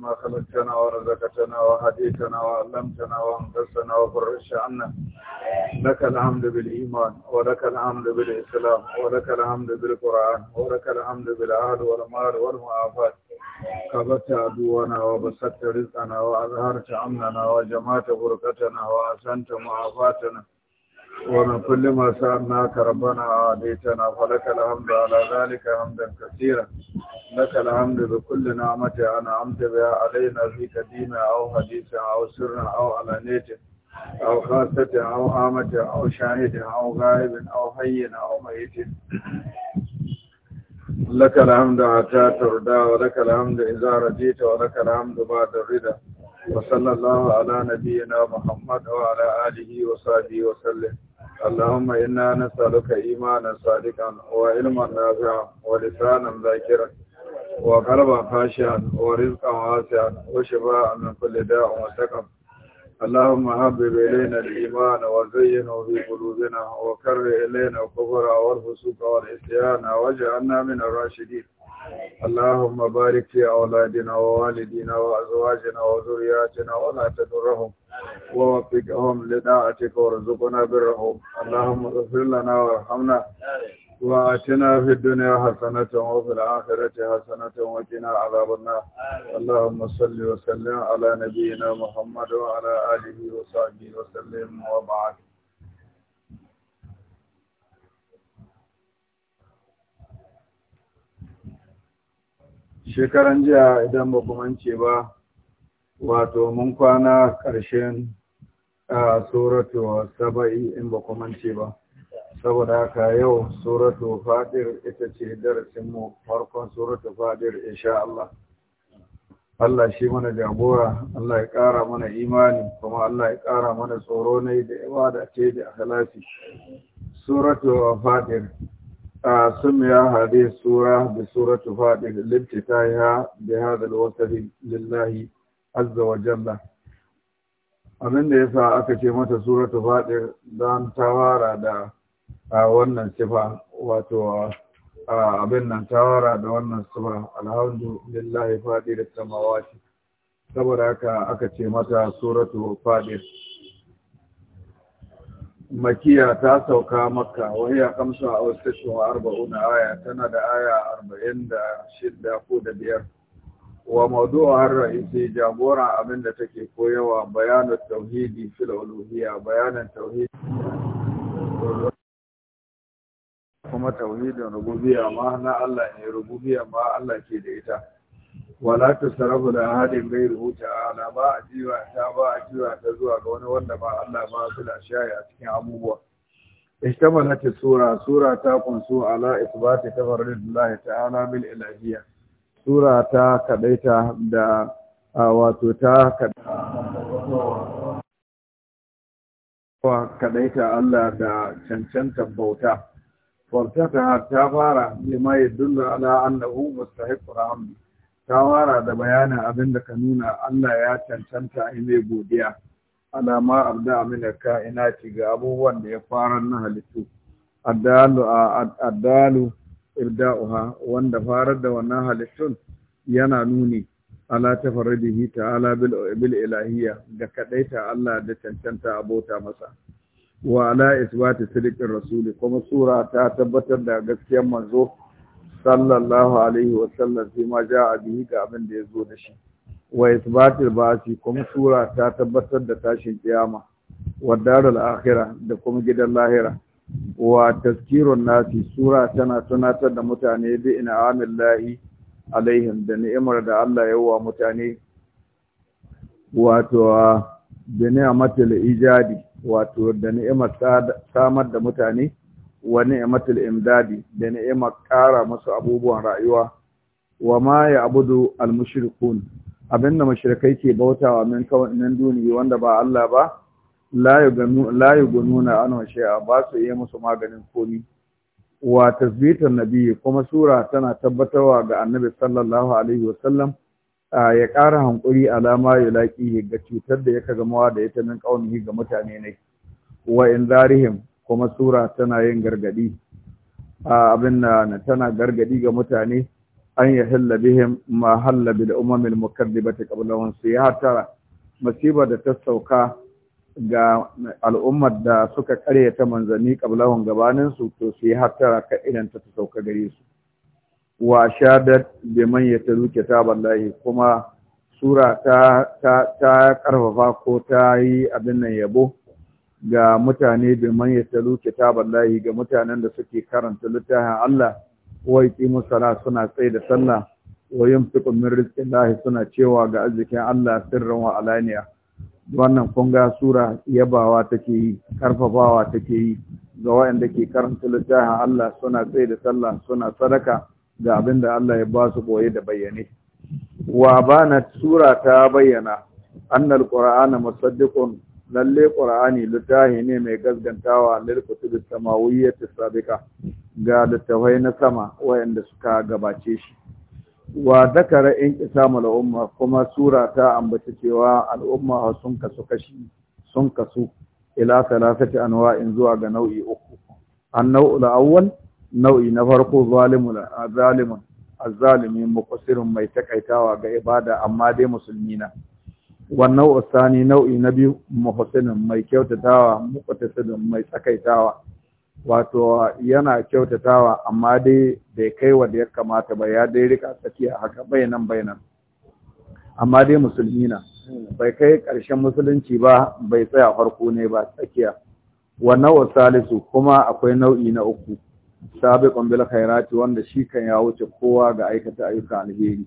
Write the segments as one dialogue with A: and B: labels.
A: ما خلقتنا ورزقتنا وهديتنا وعلمتنا وانقذتنا وفرجت عنا لك الحمد بالايمان ولك الحمد بالاسلام ولك الحمد بالقران ولك الحمد بالاهل والمال والمعافاه كبت عدونا وبسطت رزقنا واظهرت امننا وجمعت بركتنا واحسنت معافاتنا ومن كل ما سألناك ربنا عاديتنا فلك الحمد على ذلك حمدا كثيرا لك الحمد بكل نعمة أنعمت بها علينا في قديمة أو حديث أو سر أو علانية أو خاصة أو عامة أو شاهد أو غائب أو حي أو ميت لك الحمد حتى ترضى ولك الحمد إذا رجيت ولك الحمد بعد الرضا وصلى الله على نبينا محمد وعلى آله وصحبه وسلم اللهم إنا نسألك إيمانا صادقا وعلما نافعا ولسانا ذاكرا وقلبا خاشعا ورزقا واسعا وشفاء من كل داء وسقم اللهم هب إلينا الإيمان وزينه في قلوبنا وكره إلينا الكفر والفسوق والعصيان واجعلنا من الراشدين اللهم بارك في أولادنا ووالدينا وأزواجنا وذرياتنا ولا تدرهم ووفقهم لطاعتك وارزقنا برهم اللهم اغفر لنا وارحمنا واتنا في الدنيا حسنة وفي الآخرة حسنة وقنا عذاب النار اللهم صل وسلم على نبينا محمد وعلى آله وصحبه وسلم وبعد shekaran jiya idan ba mance ba wato mun kwana ƙarshen a tsoratuwa saba'i in ba mance ba saboda haka yau suratu fadir ita ce darasin mu farkon suratu fadir insha Allah Allah shi mana jagora Allah ya ƙara mana imani kuma Allah ya ƙara mana tsoro ne da ibada ce da akhlasi suratu fadir a ya hade sura da suratu fadir ya da hada alwasfi lillahi azza wa jalla abinda yasa aka ce mata suratu fadir dan tawara da a wannan sifa wato A abin nan tawara da wannan sifa alhamdulillahi fadir samawati saboda haka aka ce mata suratu fadir makiya ta sauka makka ya kamsa a wasu wa arba'una aya tana da aya arba'in da shidda ko da biyar wa mawdu'a har ra'isi jagora abinda take koyawa bayanin tauhidi fil uluhiyya bayanin tauhidi kuma tauhidin rububiyya ma na Allah ne rububiyya ma Allah ke da ita wala tasarrafu da hadin bai rubuta ala ba a jiwa ta ba a jiwa ta zuwa ga wani wanda ba Allah ba su da shayi a cikin abubuwa ishtamalati sura sura ta kunsu ala isbat tafarridillahi ta'ala bil ilahiyya sura ta kadaita da wato ta kadaita Allah da cancantar bauta wartata ta fara lima ya dulla ala annahu mustahiqur ta fara da bayanin abin da ka nuna Allah ya cancanta a mai godiya alama abda amina ka'inati ga abubuwan da ya fara na halittu addalu addalu irda'uha wanda farar da wannan halittun yana nuni ala tafarridihi ta'ala bil ilahiyya da kadaita Allah da cancanta abota masa wa ala isbati sidiqir rasul kuma sura ta tabbatar da gaskiyar manzo sallallahu alaihi wa sallam sai ma a bihi ga abin da yazo da shi wa isbatil Ba'asi kuma sura ta tabbatar da tashin kiyama wa darul akhirah da kuma gidan lahira wa tazkirun nasi sura tana tunatar da mutane bi in'amillahi alaihim da ni'imar da Allah ya wa mutane wato bi ni'matil ijadi wato da ni'imar samar da mutane wa ni'imatul imdadi da ni'imar ƙara masu abubuwan rayuwa wa ma ya abudu al-mushrikun abinda mushrikai ke bautawa min nan duniya wanda ba Allah ba la yugunu la yugununa an shay'a ba su yi musu maganin komi wa tasbitan nabiyyi kuma sura tana tabbatarwa ga annabi sallallahu alaihi wasallam ya ƙara hankuri alama ya laƙi ga cutar da ya ka gamawa da ya ta min ƙaunihi ga mutane ne wa in zarihim kuma sura tana yin gargadi abin na tana gargadi ga mutane an ya halla bihim ma halla bil umamil mukallibati qablahum su ya tara masiba da ta sauka ga al'ummar da suka karyata manzanni qablahum gabanin su to su ya tara ka idan ta sauka gare su wa shadat man yatalu kitaballahi kuma sura ta ta karfafa ko ta yi abin nan yabo ga mutane man yatalu kitaballahi ga mutanen da suke karanta littafin Allah wa yuqimu salat suna tsaye da sallah wa yumsiku min rizqillahi suna cewa ga arzikin Allah sirran wa alaniya wannan ga sura yabawa take yi karfafawa take yi ga wayanda ke karanta littafin Allah suna tsaye da sallah suna sadaka ga abin da Allah ya ba su boye da bayyane wa bana sura ta bayyana annal qur'ana musaddiqun lalle qur'ani littafi ne mai gaskantawa lil kutub samawiyyati sabiqa ga littafai na sama wayanda suka gabace shi wa dakara in kisamul umma kuma sura ta ambaci cewa al'umma sun kasu kashi sun kasu ila talasati anwa'in zuwa ga nau'i uku an nau'ul awwal nau'i na farko zalimun azalimun azzalimi muqsirun mai takaitawa ga ibada amma dai musulmi na wannan usani nau'i na biyu muhsinin mai kyautatawa muqtasidin mai takaitawa, wato yana kyautatawa amma dai bai kai wa da ya kamata ba ya dai rika tsakiya haka bayanan bayanan amma dai musulmi na bai kai ƙarshen musulunci ba bai tsaya farko ne ba tsakiya wannan Salisu kuma akwai nau'i na uku sabiqun bil khairati wanda shi kan ya wuce kowa ga aikata ayyukan alheri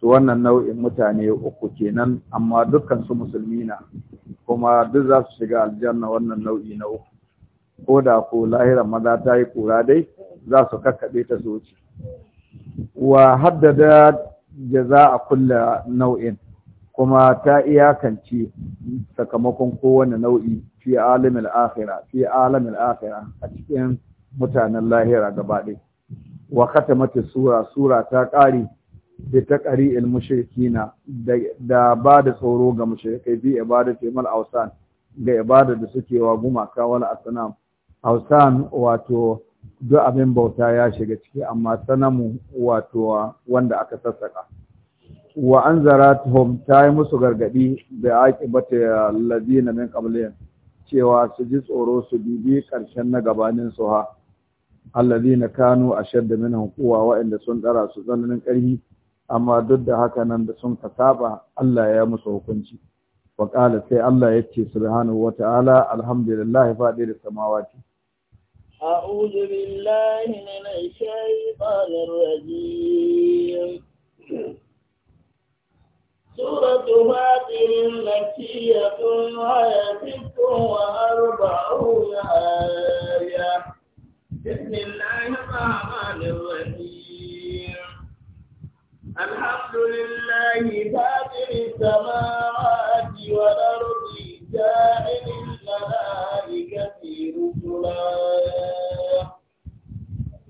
A: to wannan nau'in mutane uku kenan amma dukkan su musulmi na kuma duk za su shiga aljanna wannan nau'i na uku ko da ko lahira maza ta yi kura dai za su kakkaɓe ta soci wa haddada jaza a kulla nau'in kuma ta iyakance sakamakon kowane nau'i fi alamil akhira fi alamil akhira a cikin mutanen lahira gaba ɗaya wa mace sura sura ta ƙari da ta ƙari al mushrikina da ba da tsoro ga mushrikai bi ibadati mal awsan ga ibada da suke wa gumaka wal asnam awsan wato duk abin bauta ya shiga ciki amma sanamu wato wanda aka sassaka wa anzaratuhum ta yi musu gargadi da aqibati na min qablihim cewa su ji tsoro su bibi ƙarshen na gabanin su ha kano a shadda minhum quwwa wa'anda sun dara su tsananin ƙarfi amma duk da haka nan da sun kasaba Allah ya musu hukunci wa sai Allah yace subhanahu wata'ala alhamdulillah faɗi da samawati
B: a'udhu billahi minash shaitanir rajim سورة فاطر مكية ويسك وأربعون آية بسم الله الرحمن الرحيم الحمد لله فاطر السماوات والأرض جاعل الملائكة رسلا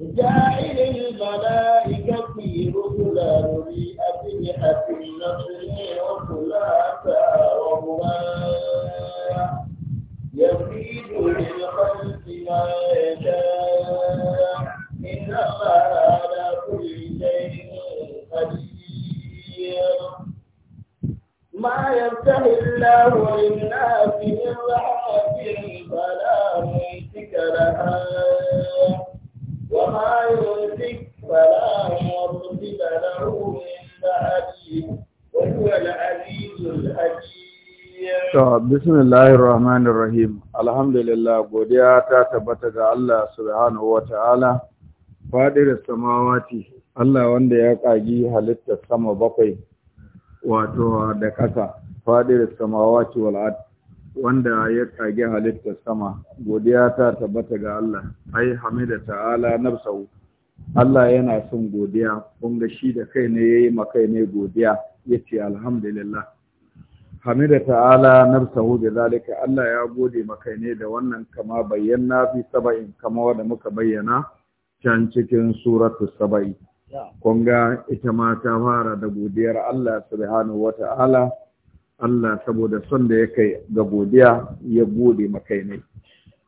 B: جاعل الملائكة رسلا أولي أجنحة مثني وثلاثا ورباعا يزيد للخلق ما يشاء إن الله على كل شيء قدير ما الله للناس من فلا ممسك وما فلا له وهو العزيز الحكيم
A: To, bismillahir rahmanir rahim. Alhamdulillah, godiya ta tabbata ga Allah subhanahu wataala fadir samawati, Allah wanda ya kagi halittar sama bakwai, wato da kasa fadir samawati wal'ad, wanda ya kagi halittar sama, godiya ta tabbata ga Allah, ai, hamida ta'ala nafsu Allah yana son godiya, kun shi da kai ne ya yi makai ne godiya, ya ce alhamdulillah. hamida ta'ala nafsahu bi zalika Allah ya gode maka ne da wannan kama bayyana fi saba'in kama wanda muka bayyana can cikin suratu saba'i kun ga ita ma ta fara da godiyar Allah subhanahu wata'ala Allah saboda son da ya kai ga godiya ya gode maka ne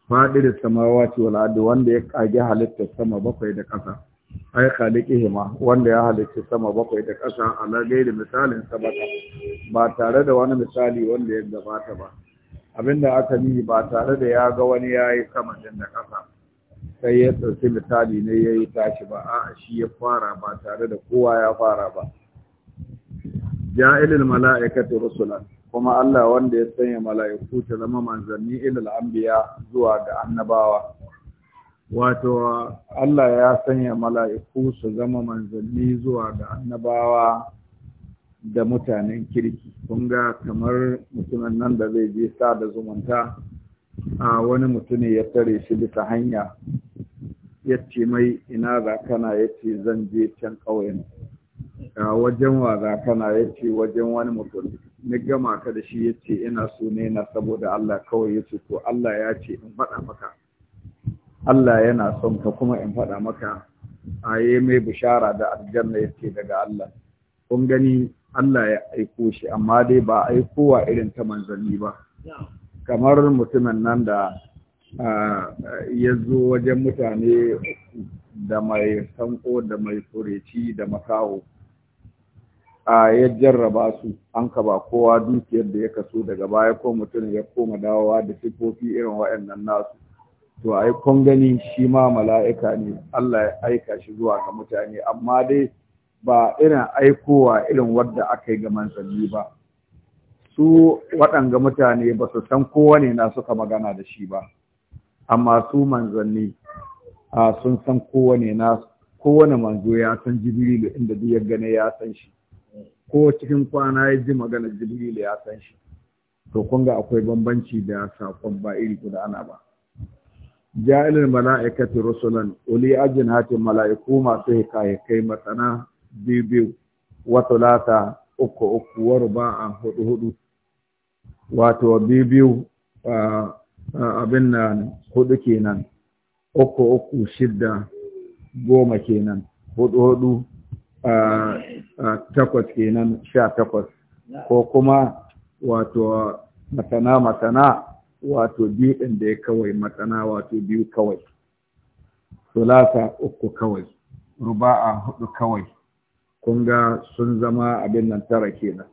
A: fadirin samawa ce wal wanda ya kage halittar sama bakwai da ƙasa ai khaliqihima wanda ya halicci sama bakwai da ƙasa ala gairi misalin sabata ba tare da wani misali wanda ya gabata ba abinda aka yi ba tare da ya ga wani yayi sama din da ƙasa sai ya tsarki misali ne yayi tashi ba a'a shi ya fara ba tare da kowa ya fara ba ilil mala'ikatu rusulan kuma Allah wanda ya sanya mala'iku ta zama manzanni ilil anbiya zuwa ga annabawa wato Allah ya sanya mala'iku su zama manzanni zuwa ga annabawa da mutanen kirki kun ga kamar mutumin nan da zai je sa da zumunta a wani mutum ya tare shi bisa hanya ya ce mai ina za kana ya ce zan je can ƙauyen a wajen wa za kana ya ce wajen wani mutum ni gama ka da shi ya ce ina so ne na saboda Allah kawai ya ce to Allah ya ce in faɗa maka Allah yana son ka kuma in faɗa maka aye mai bishara da aljanna yake daga Allah kun gani Allah ya aiko shi amma dai ba aikowa irin ta manzanni ba kamar mutumin nan da ya zo wajen mutane da mai sanko da mai fureci da makaho a ya jarraba su an ka ba kowa dukiyar da ya kaso daga baya ko mutum ya koma dawowa da sifofi irin waɗannan nasu to ai kun gani shi ma mala'ika ne Allah ya aika shi zuwa ga mutane amma dai ba irin aikowa irin wadda aka yi ga manzanni ba su waɗanga mutane ba su san kowane na suka magana da shi ba amma su manzanni a sun san kowane na kowane manzo ya san jibrilu inda duk ya gane ya san shi ko cikin kwana ya ji magana jibrilu ya san shi to kun ga akwai bambanci da sakon ba iri guda ana ba ja'ilul mala'ikati rusulan uli ajnati mala'iku masu hikayekai matsana biyu biyu wato lata uku uku wa ruba'a hudu hudu wato biyu biyu abin nan hudu kenan uku uku shidda goma kenan hudu hudu takwas kenan sha takwas ko kuma wato matana matana wato biyu ɗin da ya kawai matsana wato biyu kawai sulasa uku kawai ruba'a hudu kawai kun ga sun zama abin nan tara kenan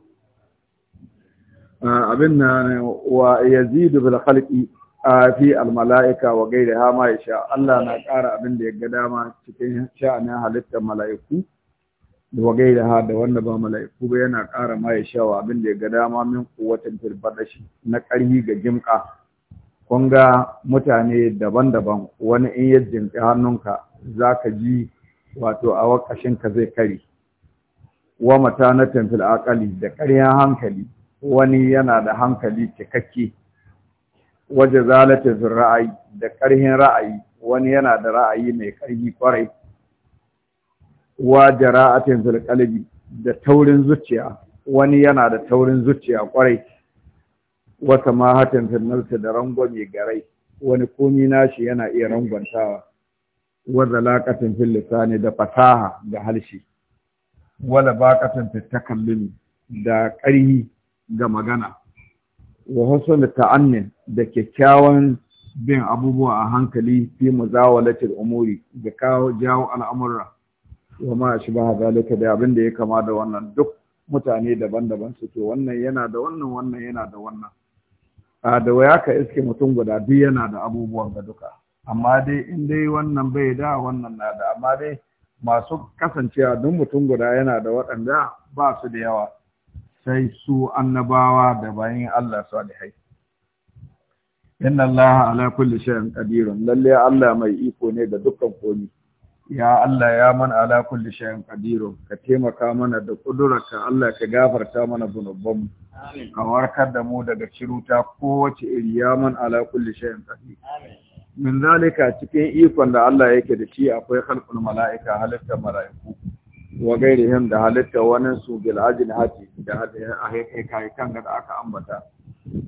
A: ah, abin na wa yazidu bil khalqi fi al malaika wa ghayriha ma yasha Allah na ƙara abin da ya ga dama cikin sha'anin halittar mala'iku da wa ghayriha da wanda ba mala'iku ba yana ƙara ma yasha wa abin da ya ga dama min quwwatin fil badashi na ƙarhi ga jimƙa kun ga mutane daban-daban wani in yi jinƙi hannunka za ka ji wato a wakashinka zai kari wa na fil aƙali, da ƙaryan hankali wani yana da hankali cikakke waje zalata ra'ayi da ƙarhin ra'ayi wani yana da ra'ayi mai ƙarfi ƙwarai. wa jara'atin fil da taurin zuciya wani yana da taurin zuciya ƙwarai. wata mahatin finnarsa da mai garai wani komi nashi yana iya rangwantawa wadda laƙatin fil lisani da fasaha da harshe wala baƙatin fil takallumi da ƙarhi ga magana wa husn ta'annin da kyakkyawan bin abubuwa a hankali fi muzawalatil umuri da kawo jawo al'amura wa ma shi ba da abinda ya kama da wannan duk mutane daban-daban suke wannan yana da wannan wannan yana da wannan a da waya ka iske mutum guda duk yana da abubuwan ga duka amma dai in dai wannan bai da wannan na da amma dai masu kasancewa duk mutum guda yana da waɗanda ba su da yawa sai su annabawa da bayan Allah salihai inna Allah ala kulli shay'in qadirun lalle Allah mai iko ne da dukkan komai ya Allah ya man ala kulli shay'in qadiru ka taimaka mana da kudurarka Allah ka gafarta mana zunubanmu ka warkar da mu daga ciruta kowace iri ya man ala kulli shay'in
C: amin
A: min zalika cikin ikon da Allah yake da shi akwai khalqul mala'ika halitta mala'iku wa gairihim da halitta wani su bil ajli hati da a kai kan da aka ambata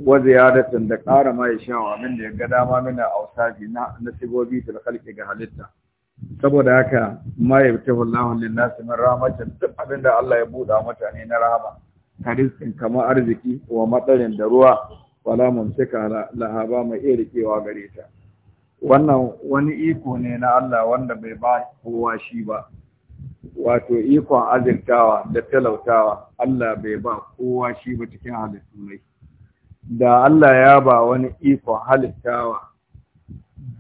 A: wa ziyadatan da ƙara ma ya min da ya ga dama mina ausafi na nasibobi da khalqi ga halitta saboda haka ma yabtahu Allahu lin-nasi min rahmatin duk da Allah ya buɗa mutane na rahama karizkin kamar arziki wa matsarin da ruwa wala mumsika lahaba mai iya rikewa gare ta wannan wani iko ne na Allah wanda bai ba kowa shi ba wato ikon azirtawa da talautawa Allah bai ba kowa shi ba cikin halittu ne da Allah ya ba wani ikon halittawa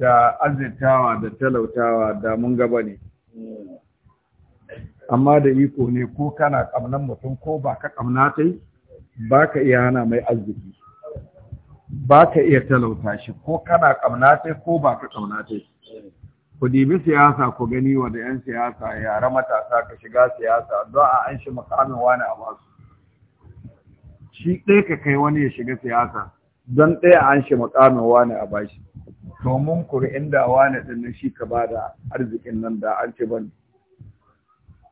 A: da azirtawa da talautawa da mun gaba ne amma da iko ne ko kana kamnan mutum ko ba ka kamna ta yi ba ka iya hana mai arziki ba ka iya talauta shi ko kana kamna ta ko ba ka kamna ta ku dibi siyasa ku gani wa da 'yan siyasa yara matasa ka shiga siyasa don a an shi makamin wani a basu shi ɗaya ka kai wani ya shiga siyasa don ɗaya an shi makamin wani a bashi to mun kuri inda wani din shi ka bada arzikin nan da an ce bane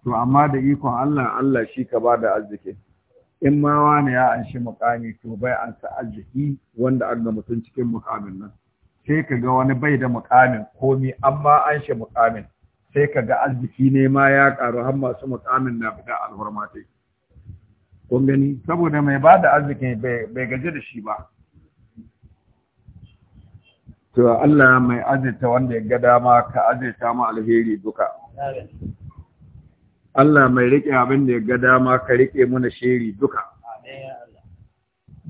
A: to amma da ikon Allah Allah shi ka bada arziki. in ma wani ya anshi mukami to bai an sa arziki wanda an ga mutum cikin mukamin nan sai ka ga wani bai da mukamin komi amma an shi mukamin sai ka ga arziki ne ma ya karu har masu mukamin na fita alhurma kun gani saboda mai bada da arzikin bai gaji da shi ba to Allah mai azirta wanda ya ga dama ka azirta mu alheri duka Allah mai rike abin da ya ga dama ka rike muna sheri duka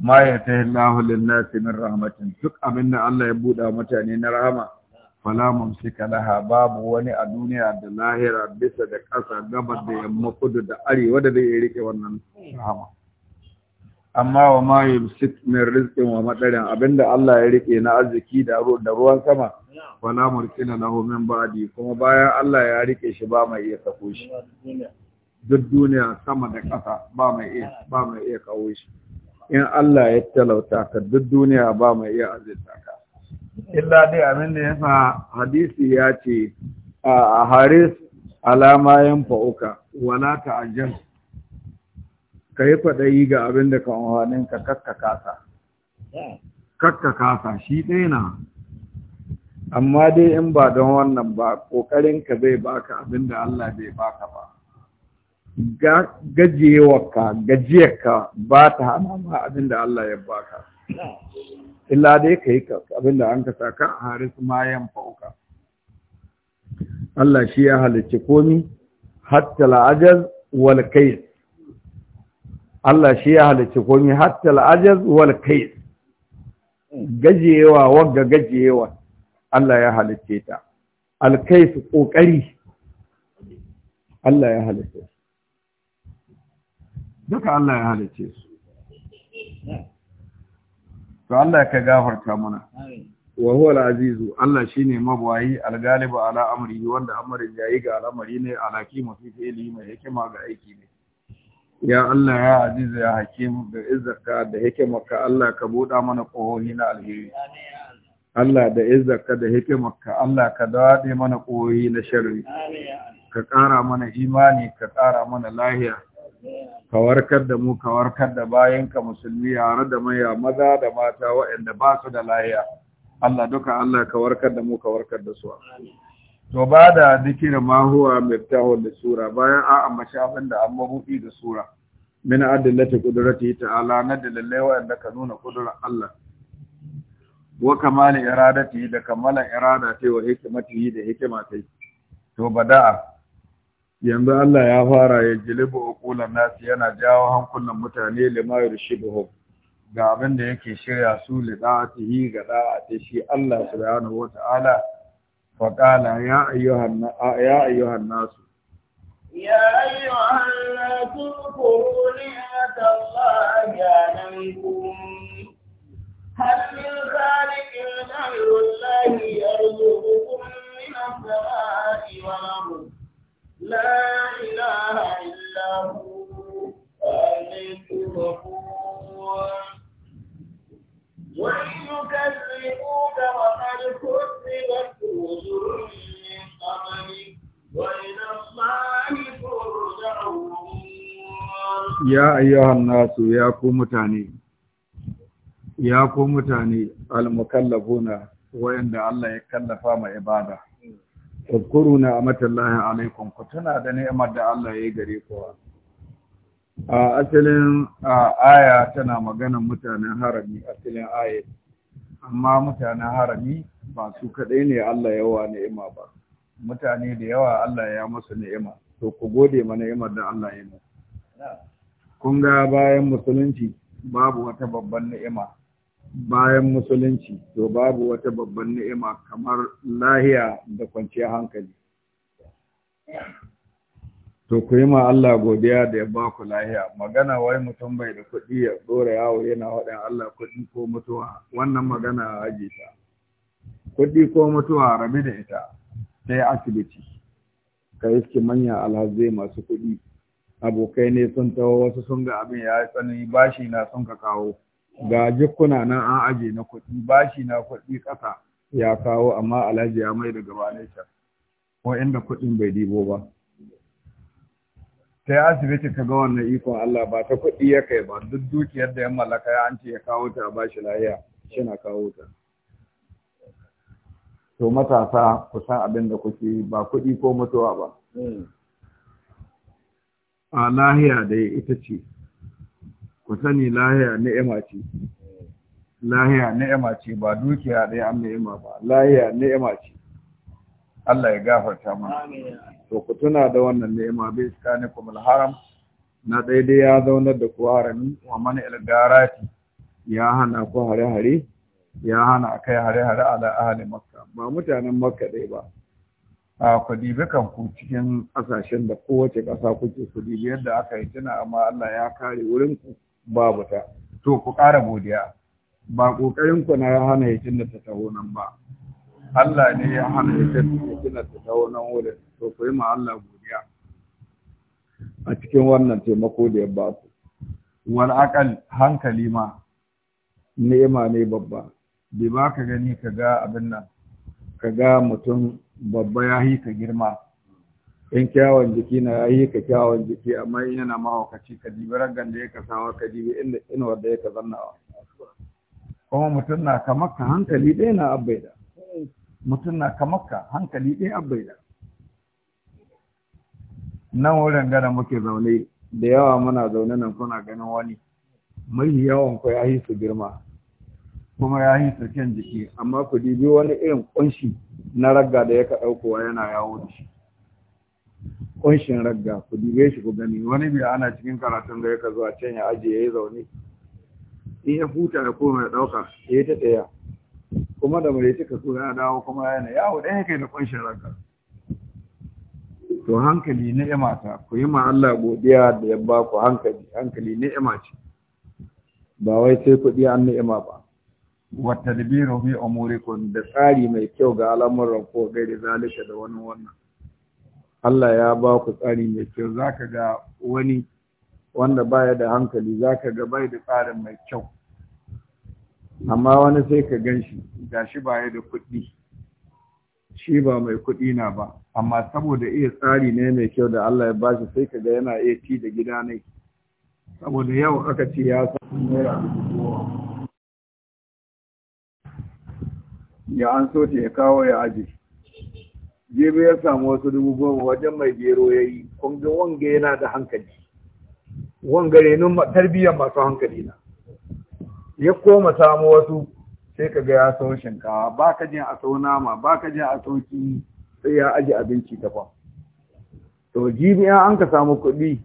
A: ma ya ta hillahu nasi min rahmatin duk abin da Allah ya buɗa mutane na rahama fala mumsika laha babu wani a duniya da lahira bisa da ƙasa gabar da yamma kudu da arewa da zai rike wannan rahama amma wa ma yumsik min rizqin wa madarin abinda Allah ya rike na arziki da da ruwan sama wala murkina lahu min ba'di kuma bayan Allah ya rike shi ba mai iya sako shi duk duniya sama da ƙasa ba mai iya ba mai iya kawo shi in Allah ya talauta ka duk duniya ba mai iya azurta ka illa dai abin da yasa hadisi ya ce a haris alama yan fa'uka wala ta'ajjal ka yi kwaɗayi ga abin da ka amfanin ka kakka kasa kakka kasa shi ɗaya na amma dai in ba don wannan ba ƙoƙarin ka bai baka abin da Allah bai baka ba gajewarka gajiyarka ba ta hana ma abin da Allah ya baka illa dai ka yi abin da an ka saka haris ma yan fauka Allah shi ya halicci komi hatta la'ajar wal kais Allah shi ya halicci komai hatta al'ajar wal kai gajewa wagga gajewa Allah ya halicce ta al kais kokari Allah ya halicce duka Allah ya halicce su to Allah ka gafarta mana wa huwa al-azizu Allah shine mabwayi al-galibu ala amri wanda amrin yayi ga al'amari ne alaki mafi fi'ili mai hikima ga aiki ne ya Allah ya aziza ya hakim da izzaka da hikimarka Allah ka buɗa mana ƙohohi na alheri Allah da izzaka da hikimarka Allah ka daɗe mana ƙohohi na sharri ka ƙara mana imani ka ƙara mana lahiya ka warkar da mu ka warkar da bayanka musulmi yare da maya maza da mata wa'anda ba su da lahiya Allah duka Allah ka warkar da mu ka warkar da su to ba da dikira ma huwa miftahu da sura bayan a amma shafin da amma mabuɗi da sura min adillati qudrati ta'ala na dalilai inda ka nuna qudrar Allah wa kamali iradati da kamalan irada ta wa hikmati da hikima ta to bada'a yanzu Allah ya fara ya jilibu uqulan nasi yana jawo hankulan mutane lima yurshibuhum ga abin da yake shirya su lida'atihi ga da'ati shi Allah subhanahu ta'ala فقال يا أيها الناس
B: يا أيها الناس اذكروا نعمة الله علمكم هل من خالق غير الله يرزقكم من السماء والأرض
C: لا إله
B: إلا هو فأنتم Ya يكذبوك وقد كذبت رسل
A: من ya ku mutane almukallafuna wayanda Allah ya kallafa ma ibada na amatallahi alaikun ku tuna da ni'amar da Allah ya yi gare kuwa. a asalin aya tana maganan mutanen harami asalin aya amma mutanen harami ba su kaɗai ne Allah yawa ni'ima ba mutane da yawa Allah ya masu ni'ima to ku gode mana ni'imar da Allah ya kun ga bayan musulunci babu wata babban ni'ima bayan musulunci to babu wata babban ni'ima kamar lahiya da kwanciyar hankali to ku yi ma Allah godiya da ya ba ku lahiya magana wai mutum bai da kuɗi ya tsora yawo yana waɗin Allah kuɗi ko mutuwa wannan magana aji ta kuɗi ko mutuwa rabi da ita sai asibiti ka yi manyan manya alhazai masu kuɗi abokai ne sun taho wasu sun ga abin ya yi tsanani bashi na sun ka kawo ga jikuna nan an aje na kuɗi bashi na kuɗi ƙasa ya kawo amma alhaji ya mai da gabanin can ko inda kuɗin bai ɗibo ba Sai asibiti ka ga wannan ikon Allah ba ta kuɗi ya kai ba duk dukiyar da ya mallaka ya an ce ya kawo ta a shi lahiya shi na kawo ta to matasa ku san abin da kuke ba kuɗi ko mutuwa ba hmm. a lahiya dai ita ce ku sani lahiya ni'ima ce hmm. lahiya ni'ima ce ba dukiya ɗaya an ni'ima ba lahiya ni'ima ce Allah ya gafarta mana to ku tuna da wannan ni'ima bi iskanikum al-haram na daidai ya zaunar da ku harami wa man al-garati ya hana ku hare-hare ya hana kai hare-hare ala ahli makka ba mutanen makka dai ba a ku dibi kan ku cikin kasashen da kowace kasa kuke ku dibi yadda aka yi tuna amma Allah ya kare wurin ku babu ta to ku kara godiya ba kokarin ku na hana yakin da ta taho nan ba Allah ne ya hana ita fitinar ta ta wani wurin to ku yi ma Allah godiya a cikin wannan taimako da ya ba Wani wani akal hankali ma Nema ne babba bai ba ka gani ka ga abin nan ka ga mutum babba ya yi ka girma in kyawun jiki na ya yi ka kyawun jiki amma in yana mahaukaci ka dibi raggan da ya ka sawa ka dibi inuwar da ya ka zannawa kuma mutum na kamar ka hankali ɗaya na abai da mutum na kamaka hankali ɗaya bai da nan wurin gana muke zaune da yawa muna zaune nan kuna ganin wani mai yawan ku ya yi su girma kuma ya yi su kyan jiki amma ku dibi wani irin kunshi na ragga da ya ka ɗaukowa yana yawo da shi kunshin ragga ku dibe shi ku gani wani biya ana cikin karatun da ya ka zuwa can ya ajiye ya yi zaune in ya huta ya koma ya ɗauka ya yi ta ɗaya kuma da mai cika so ya dawo kuma yana yawo ɗaya kai da ƙunshin ranka to hankali ni'ima ta ku yi ma Allah godiya da ya ba ku hankali hankali ni'ima ce ba wai sai kuɗi an ni'ima ba wa tadbiru fi umurikum da tsari mai kyau ga al'amuran ko gairi zalika da wani wannan Allah ya ba ku tsari mai kyau zaka ga wani wanda baya da hankali zaka ga bai da tsarin mai kyau amma wani sai ka gan shi ga shi baya da kuɗi shi ba mai kuɗi na ba amma saboda iya tsari ne mai kyau da Allah ya ba shi sai ka ga yana iya ci da gida ne saboda yau aka ce ya san naira ya an so ta ya kawo ya aji jebe ya samu wasu dubu goma wajen mai gero ya yi kun wanga yana da hankali wanga renon tarbiyyar masu hankali na ya koma samu wasu sai ka ga ya sau shinkawa ba ka jin a sau nama ba ka jin a sau kiyi sai ya aji abinci daban to jibiya an ka samu kuɗi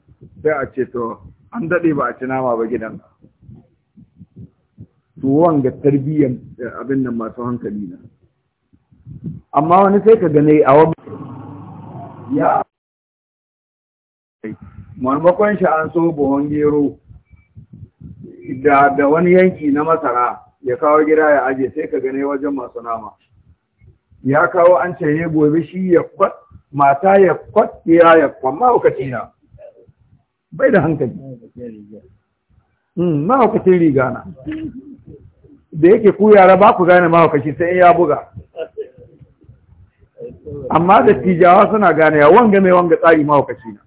A: sai a ce to an daɗe ba a ci nama ba gidan tuwon ga tarbiyyar eh, abin nan masu hankali na amma wani sai ka gane a wani ya maimakon shi an so buhon gero da da wani yanki na masara ya kawo gida ya aje sai ka gane wajen masu nama ya kawo an ce ya gobe shi ya kwat mata ya kwat ya ya kwamma mahaukacin na bai da hankali hmm, mahaukacin riga na da yake ku yara ba ku gane mahaukaci sai ya buga
C: amma da tijawa
A: suna gane ya wanga mai wanga tsari mahaukaci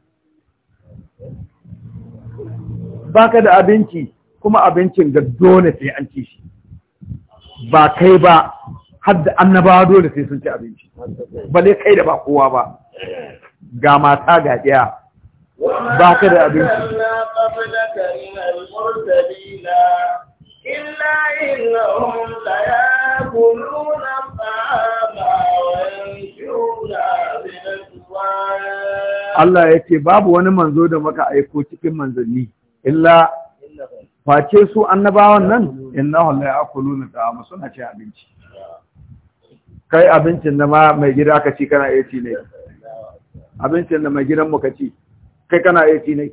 A: na ka da abinci kuma abincin ga dole sai an ci shi ba kai ba har da annabawa dole sai sun ci abinci
C: Ba balle kai da ba
A: kowa ba ga mata ga ɗaya
C: ba ka da
B: abinci
A: Allah ya ce babu wani manzo da maka aiko cikin manzanni illa face su annabawan nan innahum la na ta'ama suna ci abinci kai abincin da ma mai gida ka ci kana iya ci ne abincin da mai gidan mu ka ci kai kana iya ci ne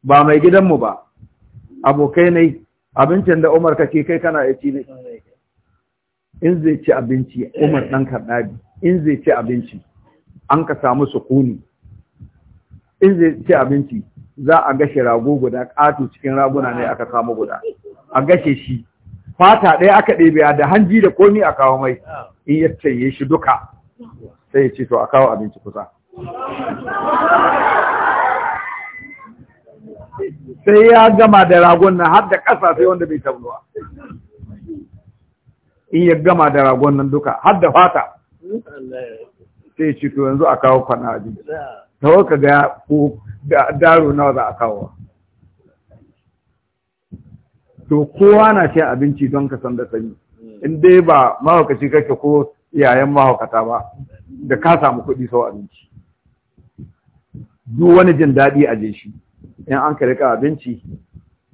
A: ba mai gidan mu ba abokai ne abincin da Umar ka ci kai kana iya ci ne in zai ci abinci Umar dan Kaddabi in zai ci abinci an ka samu sukuni in zai ci abinci za a gashe rago guda ƙato cikin raguna ne aka kama guda a gashe shi fata ɗaya aka ɗebe da hanji da komi a kawo mai in ya canye shi duka sai ya ce to a kawo abinci kusa
C: sai ya gama
A: da ragon nan har da ƙasa sai wanda bai tabluwa in ya gama da ragon nan duka har da fata sai ya ce to yanzu a kawo kwana abinci ta ka ga ko da daro nawa za a kawo to kowa na cin abinci don ka san da sani in dai ba mahaukaci kake ko yayan mahaukata ba da ka samu kuɗi sau abinci duk wani jin daɗi a je shi in an ka rika abinci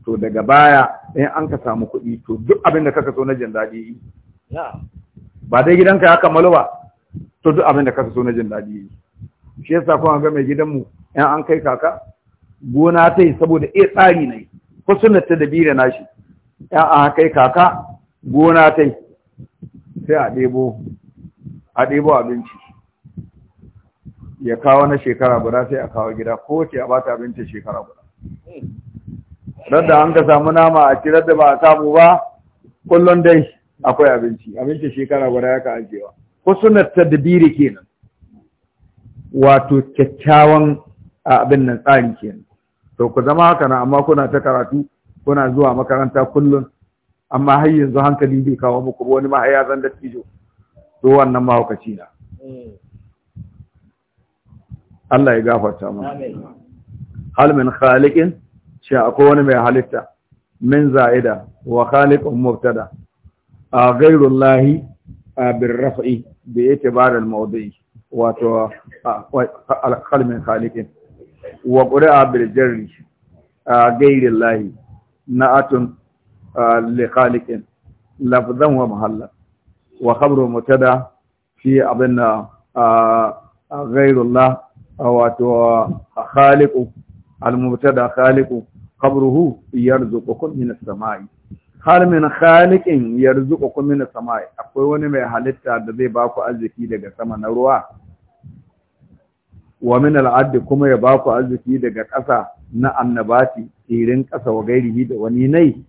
A: to daga baya in an ka samu kuɗi to duk abin da kaka so na jin daɗi ba dai gidanka ya kammalu ba to duk abin da kaka so na jin daɗi shi yasa kuma ga mai gidanmu yan an kai kaka gona ta yi saboda iya eh tsari na yi. ko suna ta na nashi yan an kai kaka gona ta yi sai a ɗebo a ɗebo abinci ya kawo na shekara guda sai a kawo gida ko ce a bata abinci shekara guda radda an ka samu nama a ci radda ba a samu ba kullum dai akwai abinci abinci shekara guda ya ka ajewa ko suna tadbiri kenan wato kyakkyawan abin nan tsari kenan to ku zama haka na amma kuna ta karatu kuna zuwa makaranta kullum amma har yanzu hankali bai kawo muku wani ma ya zan dattijo to wannan mahaukaci na Allah ya gafarta mana hal min khaliqin shi akwai wani mai halitta min za'ida wa khaliqun mubtada a ghairullahi abin raf'i bi itibar al mawdu'i wato kalmin halikin wa a birjari a ghairi lahi na'atun atun khaliqin lafazan wa mahallan wa khabru mutada fi abinna غير الله wato Haliku, al Haliku, khaliqu qabruhu yarzuqukum min as-sama'i hal min khaliqin yarzuqukum min as-sama'i akwai wani mai halitta da zai baku arziki daga sama na ruwa wa min al'addi kuma ya baku arziki daga ƙasa na annabati irin ƙasa wa gairihi da wani nai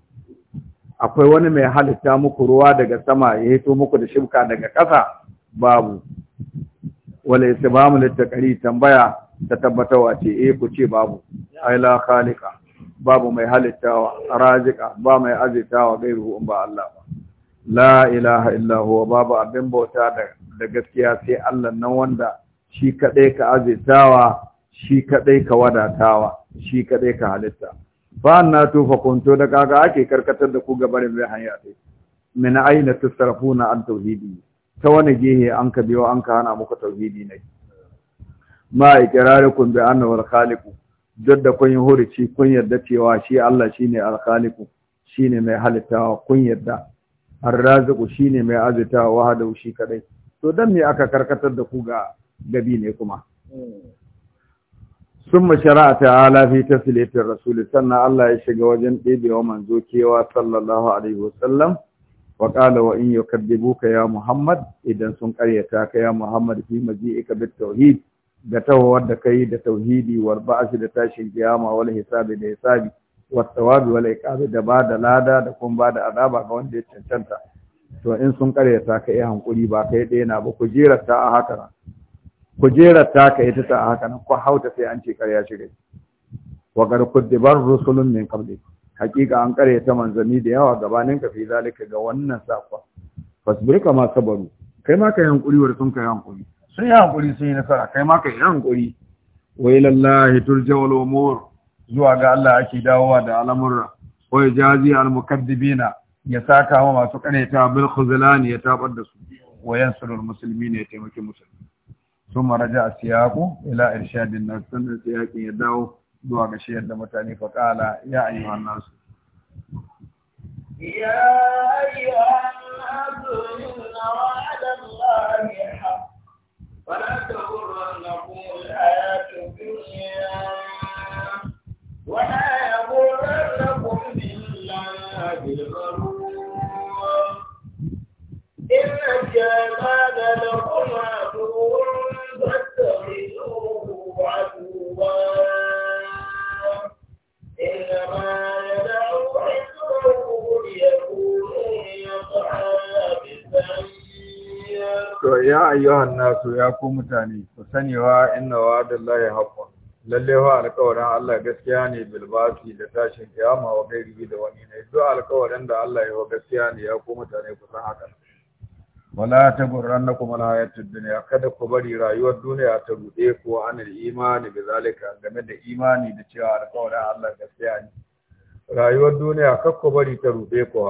A: akwai wani mai halitta muku ruwa daga sama ya hito muku da shibka daga ƙasa babu wala mu littakari tambaya ta tabbatawa ce eh ku ce babu ai la khaliqa babu mai halittawa razika ba mai azitawa gairu in ba Allah ba la ilaha illa huwa babu abin bauta da gaskiya sai Allah nan wanda shi kaɗai ka azitawa shi kaɗai ka wadatawa shi kaɗai ka halitta ba na tufa kunto da kaga ake karkatar da ku gabarin bai hanya ta min aina na an tauhidi ta wani gehe an ka biyo an ka hana muka tauhidi ne ma kun bi annahu al-khaliq duk da kun yi hurici kun yarda cewa shi Allah shine al shi shine mai halittawa kun yarda ar-raziqu shine mai azitawa wahdahu shi kadai to dan me aka karkatar da ku ga gabi ne kuma sun summa shari'a ta'ala ta filifin Rasulu, sannan Allah ya shiga wajen ɗebewa manzo kewa sallallahu alaihi wasallam wa qala wa in buka ya muhammad idan sun karyata ka ya muhammad fi maji'ika bi tauhid da tawawar da kai da tauhidi ba ba'si da tashin kiyama wal hisabi da hisabi wa thawabi wal iqabi da ba da lada da kun ba da azaba ga wanda ya cancanta to in sun karyata ka yi eh hankuri ba kai ɗaya na ba ku ta a haka kujerar taka ita ta haka nan ku hauta sai an ce ƙarya shi gai wa garkud da bar rusulun min qabli hakika an kare ta manzanni da yawa gabanin ka fi zalika ga wannan sakwa fasbir kama sabaru kai ma ka yi hankuri wa sun kai hankuri sun yi hankuri sun yi nasara kai ma ka yi hankuri wa ilallahi turjawul umur zuwa ga Allah ake dawowa da al'amurra wa yajazi al mukaddibina ya saka wa masu ta bil khuzlan ya tabar da su wa yansurul muslimin ya taimaki musulmi ثم رجع السياق إلى إرشاد الناس ثم السياق يدعو دعا قشير لمتاني فقال يا أيها الناس
B: يا أيها الناس ayyuhan
A: nasu ya ku mutane ku inna wa inna haqqa lalle wa alƙawarin Allah gaskiya ne bilbasi da tashin kiyama wa gairi da wani ne duk alƙawarin da Allah ya wa gaskiya ne ya ku mutane ku san haka wala taburrannakum alhayatud dunya kada ku bari rayuwar duniya ta rude ku anil imani bi zalika game da imani da cewa alƙawarin Allah gaskiya ne rayuwar duniya kada ku bari ta rude ku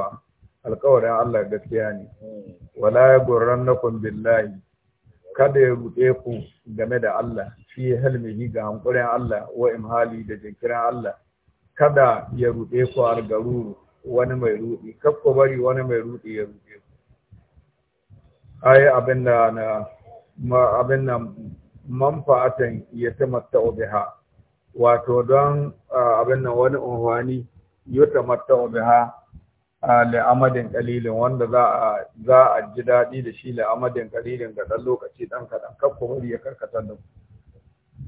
A: alƙawarin Allah gaskiya ne wala yaghurrannakum billahi kada ya ruɗe ku game da Allah fi halmihi ga hankurin Allah wa imhali da jinkirin Allah kada ya ruɗe ku a garuru wani mai ruɗi kaf bari wani mai ruɗi ya ruɗe ku ai abin da na ma abin nan manfa'atan ya tamatta'u ha, wato don abin nan wani unhwani ya tamatta'u ha. la'amadin kalilin wanda za a ji daɗi da shi la'amadin kalilin ga ɗan lokaci ɗan kaɗan kakko ya karkata da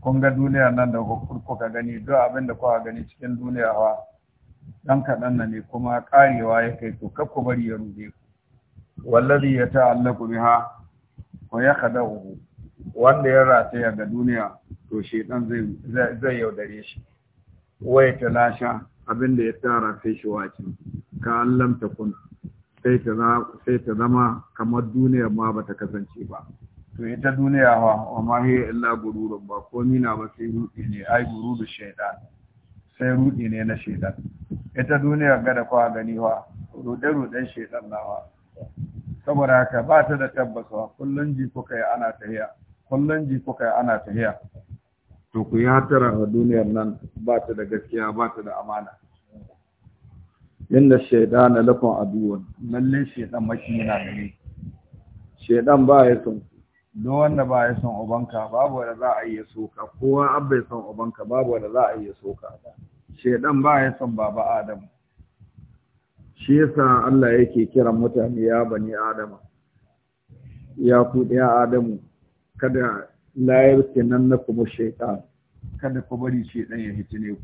A: kun ga duniya nan da kuka gani duk abin da kuka gani cikin duniya wa ɗan kaɗan na ne kuma karewa ya kai to kakko bari ya rude ku wallazi ya ta'allaku biha ko ya uku. wanda ya rataya ga duniya to shedan zai zai yaudare shi Wai talasha abin da ya tara sai shi wace ka allam ta kun sai ta zama kamar duniyar ma bata kasance ba to ita duniya wa amma he hiya illa gururun ba ko na ba sai rudi ne ai gururu shaidan sai rudi ne na shaidan ita duniya ga da kwa gani wa rude ruden shaidan nawa saboda haka ba ta da tabbasa kullun ji kuka yi ana tahiya kullun ji kuka yi ana
C: tahiya to ku
A: ya tara a duniyar nan ba ta da gaskiya ba ta da amana inna shaidana lakum aduwwan lalle shaidan makina ne shaidan ba ya son don wanda ba ya son ubanka babu wanda za a yi soka kowa an bai son ubanka babu wanda za a yi soka shaidan ba ya son baba adam shi yasa Allah yake kira mutane ya bani adam ya ku ɗaya adamu kada la yarkin nan na kuma shaitan kada ku bari shaidan ya hitine ku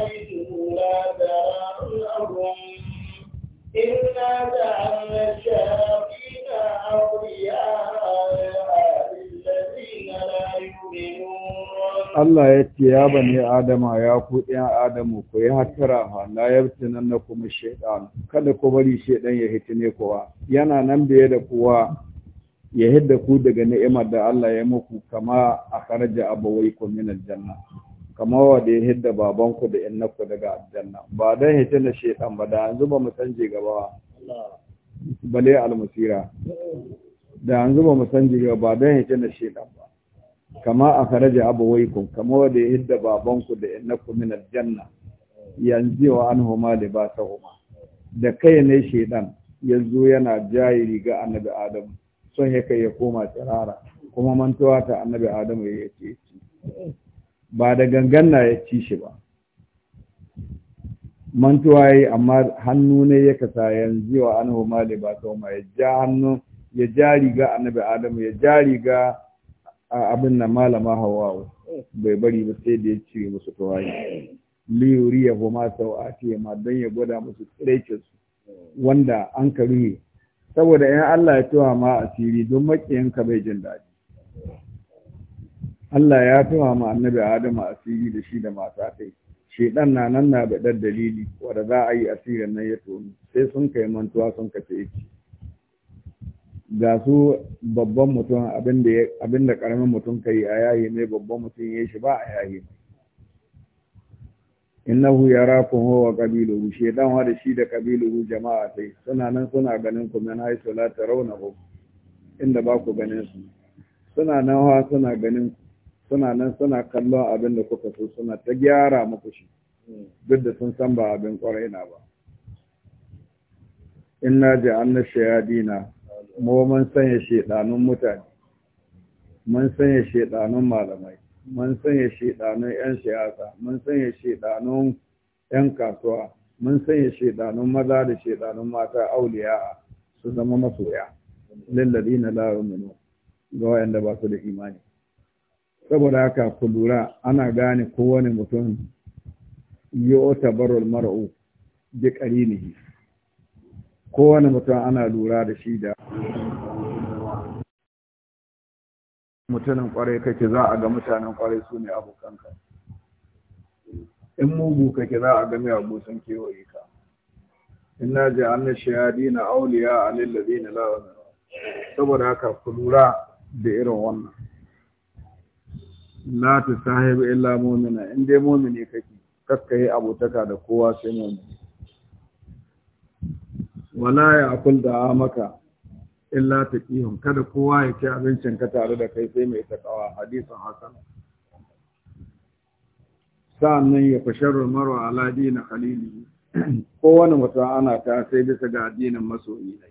A: Allah ya ce, Ya bane Adama ya ku ɗan Adamu ku yi hatara hana na fi nan na kuma shaiɗan, kada ku bari shaiɗan ya hiti ne kuwa. Yana nan biye da kuwa ya hidda ku daga ni'imar da Allah ya muku kama a karajar abawai ku minar janna. kamar da ya hidda babanku da naku daga aljanna ba don na shaidan ba da yanzu ba mu san je gaba bale almusira da yanzu ba mu san je gaba ba don na shaidan ba kama a faraja waiku kama da ya hidda babanku da naku min aljanna yanzu wa an huma da ba ta da kai ne shaidan yanzu yana jayiri riga annabi adamu son ya kai ya koma tsirara kuma mantuwa ta annabi adamu ya ce ba da gangan na ya ci shi ba mantuwa yi amma hannu ne ya kasa yanzu wa anhu mali ba sau ma ya ja hannu ya ja riga annabi adamu ya ja riga a abin na malama hawa bai bari ba sai da ya cire musu tawaye liyuri ya goma sau a ma don ya gwada musu tsiraicinsu wanda an ka saboda 'yan Allah ya tuwa ma asiri don maƙiyanka bai jin daɗi Allah ya tawa ma annabi Adamu asiri da shi da mata kai shedan na nan na da dalili wanda za a yi asirin nan ya tono, sai sun kai mantuwa sun kace yake ga su babban mutum abin da karamin mutum ka yi a yayi ne babban mutum ya shi ba a yayi innahu yarakum huwa qabiluhu shedan wa da shi da qabiluhu jama'a sai suna nan suna ganin ku min hay salata raunahu inda ba ku ganin su suna nan wa suna ganin ku suna nan suna kallon abin da kuka so suna ta gyara muku shi duk da sun san ba abin kwarai na ba inna shaya shayadina mu mun sanya shaidanun mutane mun sanya shaidanun malamai mun sanya shaidanun yan siyasa mun sanya shaidanun yan kasuwa mun sanya shaidanun maza da shaidanun mata auliya su zama masoya lillazina la yu'minun ga wayanda ba su da imani saboda haka ku lura ana gane kowane mutum yota barul mar'u da qarinihi kowane mutum ana lura da shi da mutumin kwarai kake za a ga mutanen kwarai su ne abokanka in mugu kake za a ga mai abokan kewaye ka inna na auliya a lil na la saboda haka ku lura da irin wannan la ta sahibu illa mu'mina in dai mu'mini kake kakka yi abotaka da kowa sai mu'mini wala ya akul da maka illa taqihum kada kowa ya ci abincin ka tare da kai sai mai takawa hadisin hasan sa'annan ya fasharru marwa ala dinin khalili kowane mutum ana ta sai bisa ga addinin masoyi ne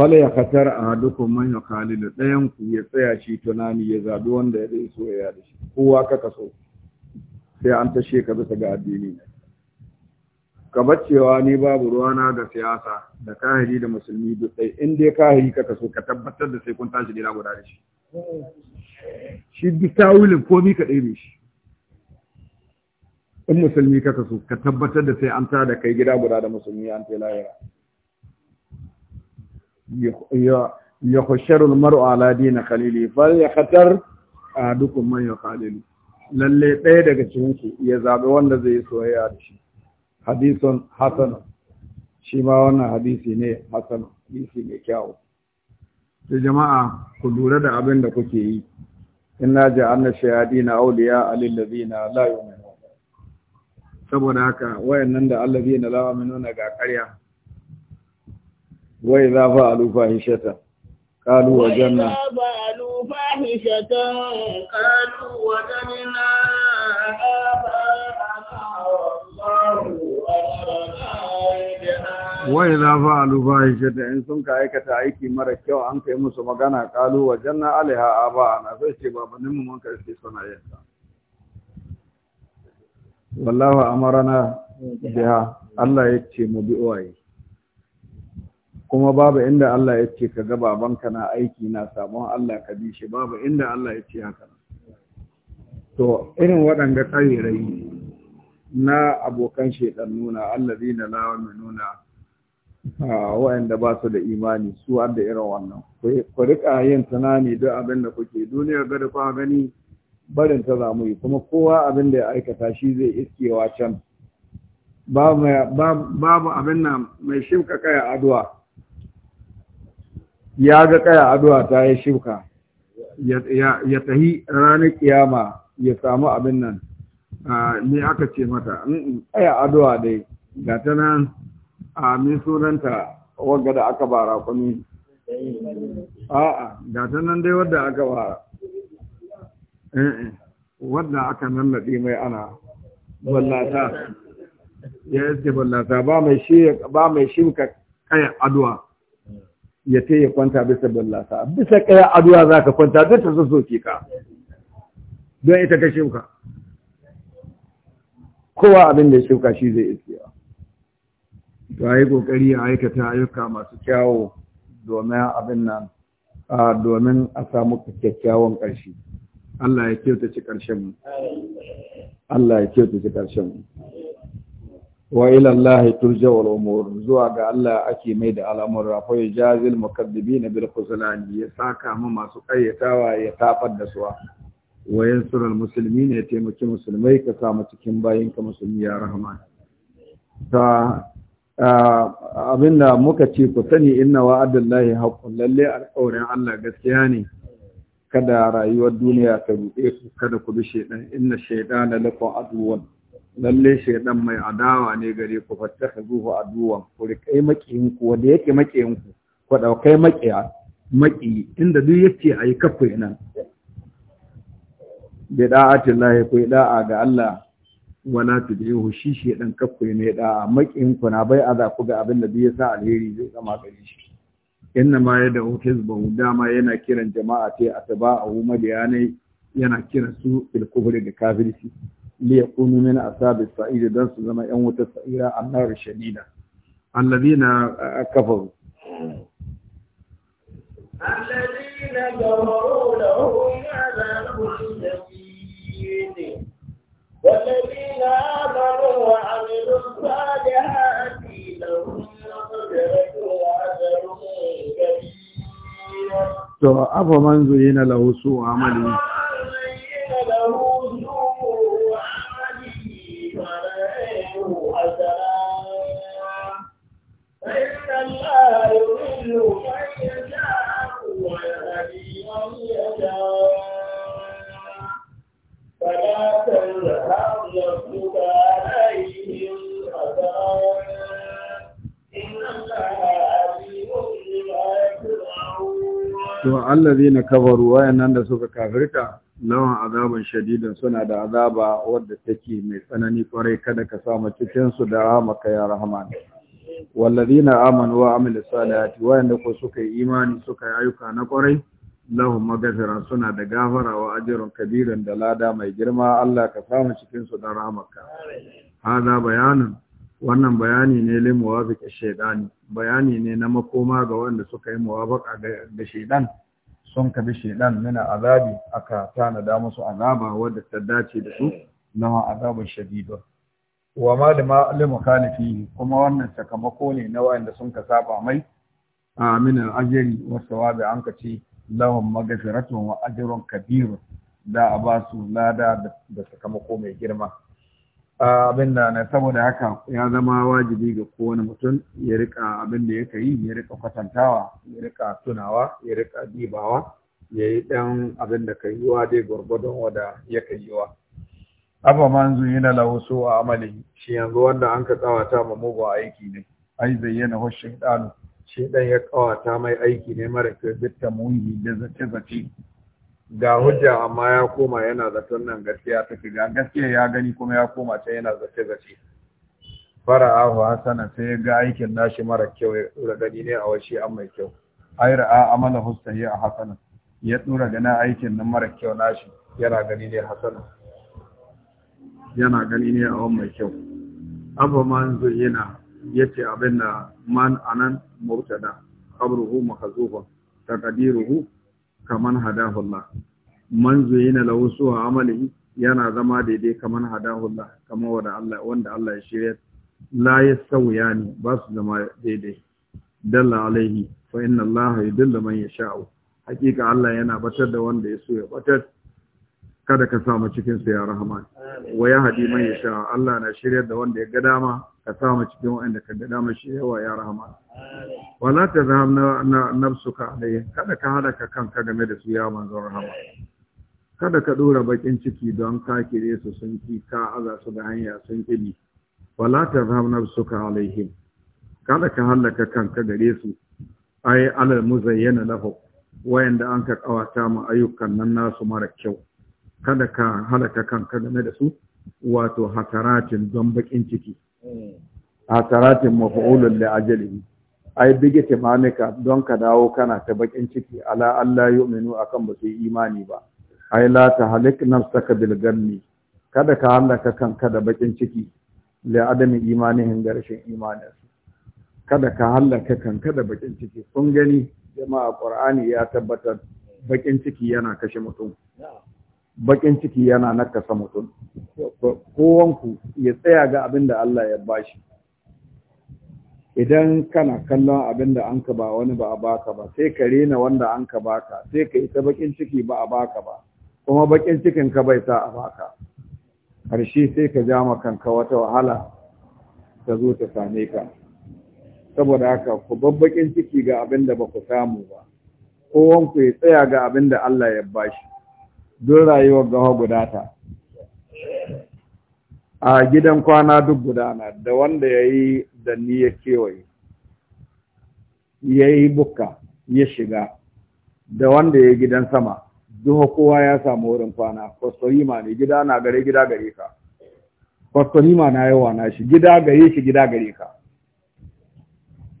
A: fala ya katar a hadukun man ya kalilu ɗayan ku ya tsaya shi tunani ya zaɓi wanda ya zai ya da shi kowa ka kaso sai an tashe ka bisa ga addini ne ka cewa ni babu ruwana ga siyasa da kahiri da musulmi duk ɗai in dai kahiri ka kaso ka tabbatar da sai kun tashi gida guda da shi shi duk tawilin komi ka ɗebe shi in musulmi ka kaso ka tabbatar da sai an tada kai gida guda da musulmi an ta lahira ya husharul maru ala dina khalili fal ya khatar a dukkan man khalilu lalle ɗaya daga cikin ki. ya zabe wanda zai yi soyayya da shi hadisun hasana shi ma wannan hadisi ne hasana hadisi mai kyau. to jama'a ku lura da abin da kuke yi inna ja'alna shayadina awliya lil ladina la yu'minun saboda haka wayannan da allazina la yu'minuna ga ƙarya wai za fa alufa hishata kalu wa janna wai
B: za fa lufa
A: hishata in sun ka aikata aiki mara kyau an kai musu magana kalu wa janna alaiha a na zai ce babanin mu mun karfe suna yin ta wallahu amarana biha Allah ya ce mu bi uwaye kuma babu inda Allah ya ce ka gaba, banka na aiki na sabon Allah ka bi shi babu inda Allah ya ce haka to irin waɗanda ƙarirai na abokan shaidan nuna allazi na lawan nuna waɗanda ba su da imani su da irin wannan ku rika yin tunani duk abin da kuke duniya gada kwa gani barin ta zamu yi kuma kowa abin da ya aikata shi zai iskewa can babu abin nan mai shimka kaya aduwa. ya ga kaya addu'a ta ya shibka ya tahi ranar kiyama ya samu abin nan ne aka ce mata mm, mm, aya addu'a dai ga ta nan a min sunanta wadda da aka bara kuni a'a ga ta nan dai wadda aka bara eh, eh, wadda aka nannaɗe mai ana ballata ya yake ballata ba mai shimka kayan addu'a ya ce ya kwanta bisa ballasa bisa kaya aduwa za ka kwanta duk ta soke ka don ita ka shuka. kowa abin da shuka shi zai iskiya to a yi kokari a aikata ayyuka masu kyawo domin abin nan domin a samu kyakkyawan ƙarshe Allah ya kyautace ƙarshen mu Allah ya kyautace ƙarshen mu wa ila Allah umur zuwa ga Allah ake mai da al'amura fa yajazil mukaddibina bil khuzlan ya saka mu masu kayyatawa ya tafar da suwa wa yansurul musulmi ya taimaki musulmai ka samu cikin bayin ka musulmi ya rahman ta abinda muka ce ku sani inna wa'adallahi haqqun lalle alƙawarin Allah gaskiya ne kada rayuwar duniya ta buɗe ku kada ku bi shaydan inna shaydana lakum aduwwan lalle shaidan mai adawa ne gare ku fattaka zuhu aduwan ku rikai makiyin ku wanda yake makiyin ku ku daukai makiya maki inda duk yace ayi kafu nan bi da'ati lahi ku da'a ga Allah wala tudrihu shi shaidan kafu ne da'a makiyin ku na bai aza ku ga abin da duk yasa alheri zai zama gare shi inna ma ya da ba'u dama yana kiran jama'a ce huma da yana kiran su fil da kafirci liya kunu min asab sa'ira dan su zama yan wuta sa'ira annar shadida alladina na
B: alladina gawaru lahum azabun shadid walladina amanu wa amilus salihati lahum ajrun kabir to
A: abu manzo yana lahu su amali
B: يكتب allah
C: خطايا
A: kabaru wayannan da suka kafirta Nawa azaban shadidan suna da azaba wadda take mai tsanani kwarai kada ka samu cikin su da rahmaka ya rahman na amanu wa ce, wayan wayanda ko suka yi imani suka yi ayyuka na kwarai lahum magfira suna da gafara wa ajrun kabirin da lada mai girma Allah ka samu cikin su dan rahmarka hada bayanin wannan bayani ne lil muwafiq shaytani bayani ne na makoma ga wanda suka yi muwafaqa da shaytan sun kabi shaytan mina azabi aka da musu azaba wanda ta dace da su na azabun shadidun wa ma da ma'alimu kalifi kuma wannan sakamako ne na wayanda sun ka saba mai amina ajiri wasu wabi an ka ce lahum maghfiratun wa ajrun Kabiru, da a ba su lada da sakamako mai girma abin da na saboda haka ya zama wajibi ga kowane mutum ya rika abin da yake yi ya rika kwatantawa ya rika tunawa ya rika dibawa ya yi ɗan abin da ka yi wa dai gwargwadon wada ya ka yi wa abu manzu yana na lahusu a amali shi yanzu wanda an ka tsawata ma mugun aiki ne ai zayyana hushin ɗanu shi ɗan ya ƙawata mai aiki ne mara kyau bitta muhimmi, da zace-zace ga hujja amma ya koma yana zaton nan gaskiya fi ga gaskiya ya gani kuma ya koma can yana zace-zace fara'ahu hasana sai ya ga aikin nashi mara kyau ya dora gani ne a washi an mai kyau ai ra'a amala hustahi a hasana ya dora gana aikin nan mara kyau nashi yana gani ne hasana yana gani ne a wani mai kyau abu man yana yace abin da man anan murtada qabruhu mahzufun taqdiruhu kaman hadahu Allah man zayyana lahu su'a amalihi yana zama daidai kaman hadahu Allah kaman wanda Allah wanda Allah ya shirya la yasawiyani ba su zama daidai dalla alaihi fa inna Allah yudilla man yasha'u hakika Allah yana batar da wanda ya so ya batar kada ka samu cikin sa ya rahman
C: wa yahdi man
A: yasha Allah na shirya da wanda ya ga dama ka samu cikin wa'anda ka gada mashi yawa ya rahama wala ta zama na nafsuka alayhi kada ka kan kanka game da su ya manzo rahama kada ka dora bakin ciki don ka kire su sun ki ka aza su da hanya sun kibi wala ta zama nafsuka alayhi kada ka kan kanka gare su ai alal muzayyana lahu wayanda an ka kawata mu ayyukan nan nasu mara kyau kada ka halaka kanka game da su wato hakaratin don bakin ciki hasaratin mafa'ulun li ajalihi ai bige timamika don ka dawo kana ta bakin ciki ala Allah yu'minu akan ba su yi imani ba ai la ta halik nafsaka bil ganni kada ka halaka kanka da bakin ciki li adami imanihin garshen imanin kada ka halaka kanka da bakin ciki kun gani jama'a qur'ani ya tabbatar bakin ciki yana kashe mutum bakin ciki yana nakasa mutum kowanku ya tsaya ga abin da Allah ya bashi idan kana kallon abin da an ka ba wani ba a baka ba sai ka rena wanda an ka baka sai ka ita bakin ciki ba a baka ba kuma bakin cikin ka bai sa a baka Harshe sai ka ja kanka wata wahala ta zo ta same ka saboda haka ku babbakin ciki ga abin da ba ku samu ba kowanku ya tsaya ga abin da Allah ya bashi don rayuwar gawa guda ta a gidan kwana duk gudana da wanda ya yi da ya kewaye ya yi buka ya shiga da wanda ya yi gidan sama duka kowa ya samu wurin kwana kwastorima ne gida na gare gida gare ka kwastorima na yawa na shi gida gare shi gida gare ka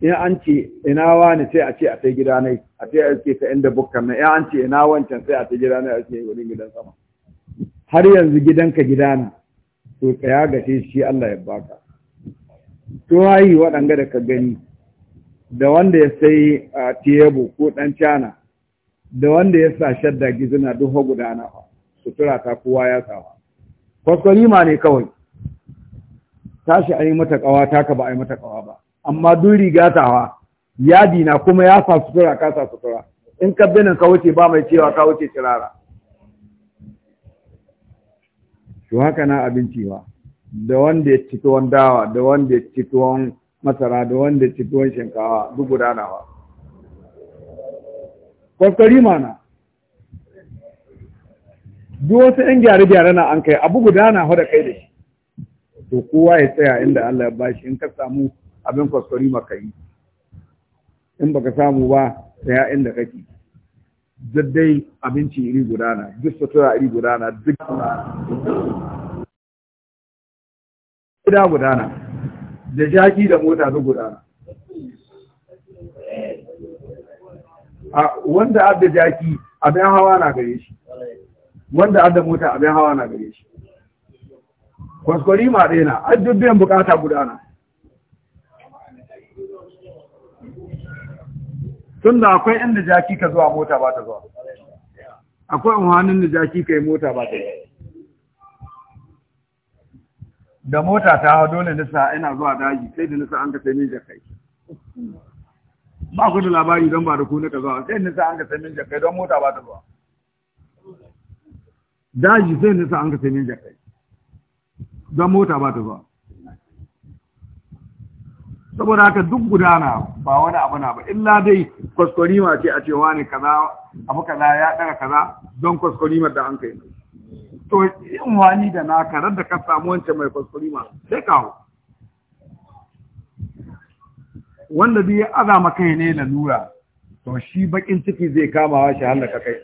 A: in an ce ina wani sai a ce a sai gida nai a ce a ce ka inda bukkan nan in an ce ina wancan sai a sai gida nai a ce wurin gidan sama har yanzu gidanka gida na to tsaya ga shi Allah ya baka to hayi waɗanga da ka gani da wanda ya sai a tiyebo ko dan cana da wanda ya sa shadda gizina duk gudana sutura ta kowa ya sawa ma ne kawai tashi a yi mata ƙawa taka ba a yi mata kawa ba amma duk riga hawa yadi na kuma ya fa sutura ka sa sutura in ka binin ka wuce ba mai cewa ka wuce tirara to haka na abinci ba da wanda ya ci tuwon dawa da wanda ya ci tuwon masara da wanda ya ci tuwon shinkawa duk gudanawa kwakwari mana duk wasu 'yan gyare-gyare na an kai abu gudana hau da kai da shi to kowa ya tsaya inda Allah ya bashi in ka samu abin kwaskwari maka yi in baka samu ba saya da kake duk dai abinci iri gudana duk sutura iri gudana duk gida gudana da jaki da mota duk gudana a wanda adda jaki abin hawa na gare shi wanda adda mota abin hawa na gare shi kwaskwari ma ɗaya na ajiyar biyan bukata gudana tun da akwai inda jaki ka zuwa mota ba ta zuwa akwai unhanin da jaki ka yi mota ba ta yi da mota ta hau dole nisa ina zuwa daji sai da nisa an ka sai jakai ba ku da labari don ba da ku ka zuwa sai nisa an ka sai jakai don mota ba ta zuwa daji sai nisa an ka sai jakai don mota ba ta zuwa saboda haka duk gudana ba wani abu na ba illa dai kwaskwarima ce a cewa ne kaza abu kaza ya daga kaza don kwaskwarimar da an kai to yin wani da na karar da ka samu wancan mai kwaskwarima sai kawo wanda biyu ya azama kai ne lura, to shi bakin ciki zai kama wa shi hallaka kai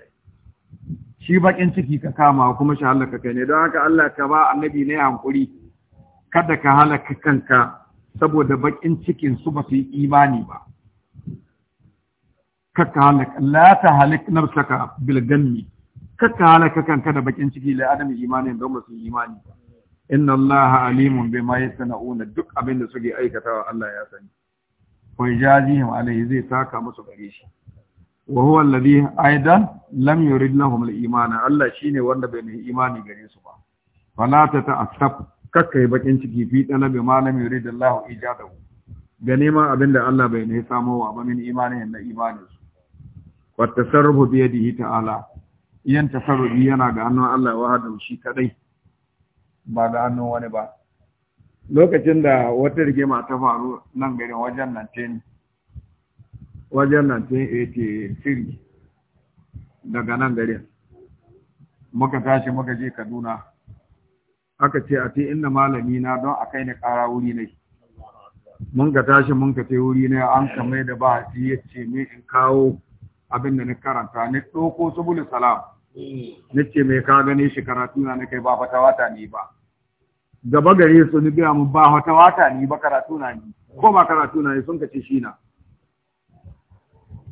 A: shi bakin ciki ka wa kuma shi hallaka kai ne don haka Allah ka ba annabi ne hankuri kada ka halaka kanka saboda bakin cikin su ba su yi imani ba kaka halaka la ta halik nafsaka bil kaka halaka kanka da bakin ciki la adam imani don ba su yi imani ba inna Allah alimun bima yasnauna duk abin da suke aikatawa Allah ya sani Wai jazihim alayhi zai saka musu gare shi wa huwa alladhi aidan lam yurid lahum al-iman Allah shine wanda bai yi imani gare su ba fala ta ta'assab kakka yi bakin ciki fi dana bi malam yurid Allah ijadahu ga nema abin da Allah bai ne samo wa ba min imanin na imanin su wa tasarrufu bi yadihi ta'ala yan tasarrufi yana ga hannun Allah wahadin shi kadai ba da hannun wani ba lokacin da wata rigima ta faru nan garin wajen 19 wajen 1983 daga nan garin muka tashi muka je Kaduna aka ce a ce inna malami na don a kai ni ƙara wuri ne mun ka tashi mun ka ce wuri ne an kamai da ba shi ya ce me in kawo abin da na karanta na ɗoko sabulu salam Na ce mai ka gane shi karatu na ni kai ba fata wata ne ba gaba gare su ni biya mun ba fata wata ne ba karatu na ni ko ba karatu na ni sun ka ce shi na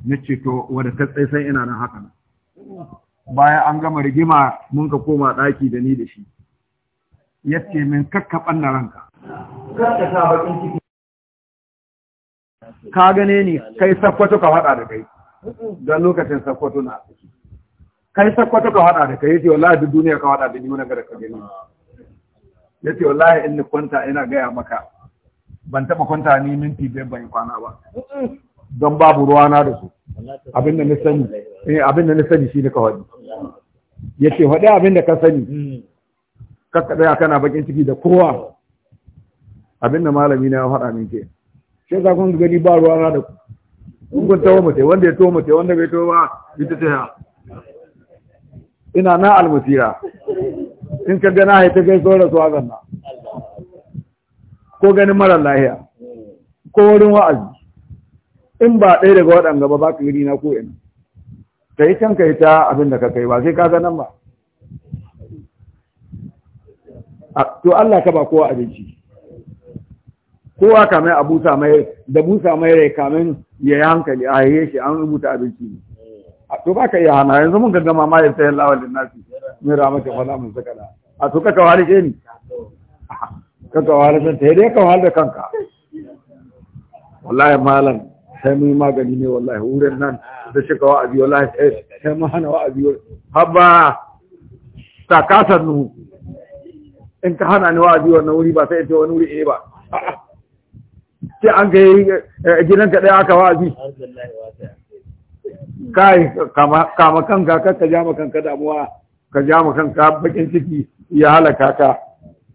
A: Na ce to wadda ta tsaye sai ina nan haka nan bayan an gama rigima mun ka koma ɗaki da ni da shi ya ce min kakkaɓan na ranka
C: kakka sa ciki
A: ka gane ni kai sakwato ka haɗa da kai don lokacin sakwato na kai sakwato ka haɗa da kai ce, wallahi duk duniya ka haɗa da ni wani gada ka gani yace wallahi in ni kwanta ina gaya maka ban taɓa kwanta ni minti biyar ban kwana ba don babu ruwana da su
C: abin da ni sani
A: eh, abin da sani shi ne ka faɗi yace haɗe abin da ka sani kakka tsaya kana bakin ciki da kowa abinda malami na ya faɗa min ke sai za kun gani ba ruwa na da kun kun tawo mace wanda ya tawo mace wanda bai tawo ba ita ta ina na almasira
C: in ka gana haita
A: kai so su hakan na ko ganin marar lahiya ko wurin wa'azi in ba ɗaya daga waɗanda ba ba ka gani na ko ina ka yi can ka yi ta abin da ka kai ba sai ka ga nan ba to Allah ka ba kowa abinci kowa kamar a busa mai da busa mai rai kamin ya yi hankali a yaye shi an rubuta abinci ne to ba ka iya hana yanzu mun gaggama ma ya sayan lawal da nasi min ramata wala mun da. a to kaka wani ke ni kaka wani san ta dai ka wani da kanka wallahi malam sai mun yi magani ne wallahi wurin nan da a wa'azi wallahi sai mun hana haba ta kasar nuhu in ka hana ni wa'azi wannan wuri ba sai in ce wani wuri ba sai an ga eh, gidan ka ɗaya aka wa'azi kai kama kanka kar ka ja ma kanka damuwa ka ja ma kanka bakin ciki ya halaka ka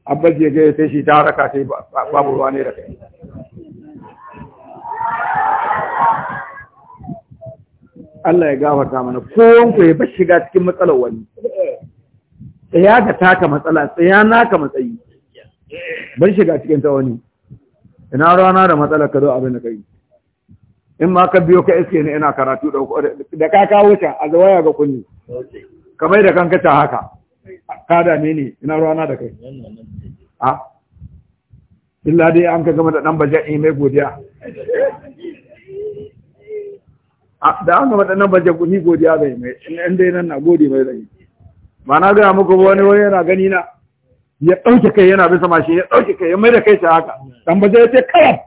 A: abba je ga sai shi ta raka sai babu ruwa ne da kai Allah ya gafarta mana kowanku ya bar shiga cikin matsalar wani tsaya ka taka matsala tsaya naka matsayi bar shiga cikin ta wani ina rana da matsala ka zo abin da kai in ma ka biyo ka iske ni ina karatu da ka kawo ta a zawaya ga kunni ka mai da kanka ta haka ka dame ne ina rana da kai a ah. illa dai an ka gama da dan baja'i mai godiya ah, da an gama da dan ni godiya bai mai in dai nan na gode mai zai ba na gaya muku wani wani yana gani na ya ɗauke kai yana bisa mashi ya ɗauke kai ya mai da kai shi haka ɗan ya ce kawai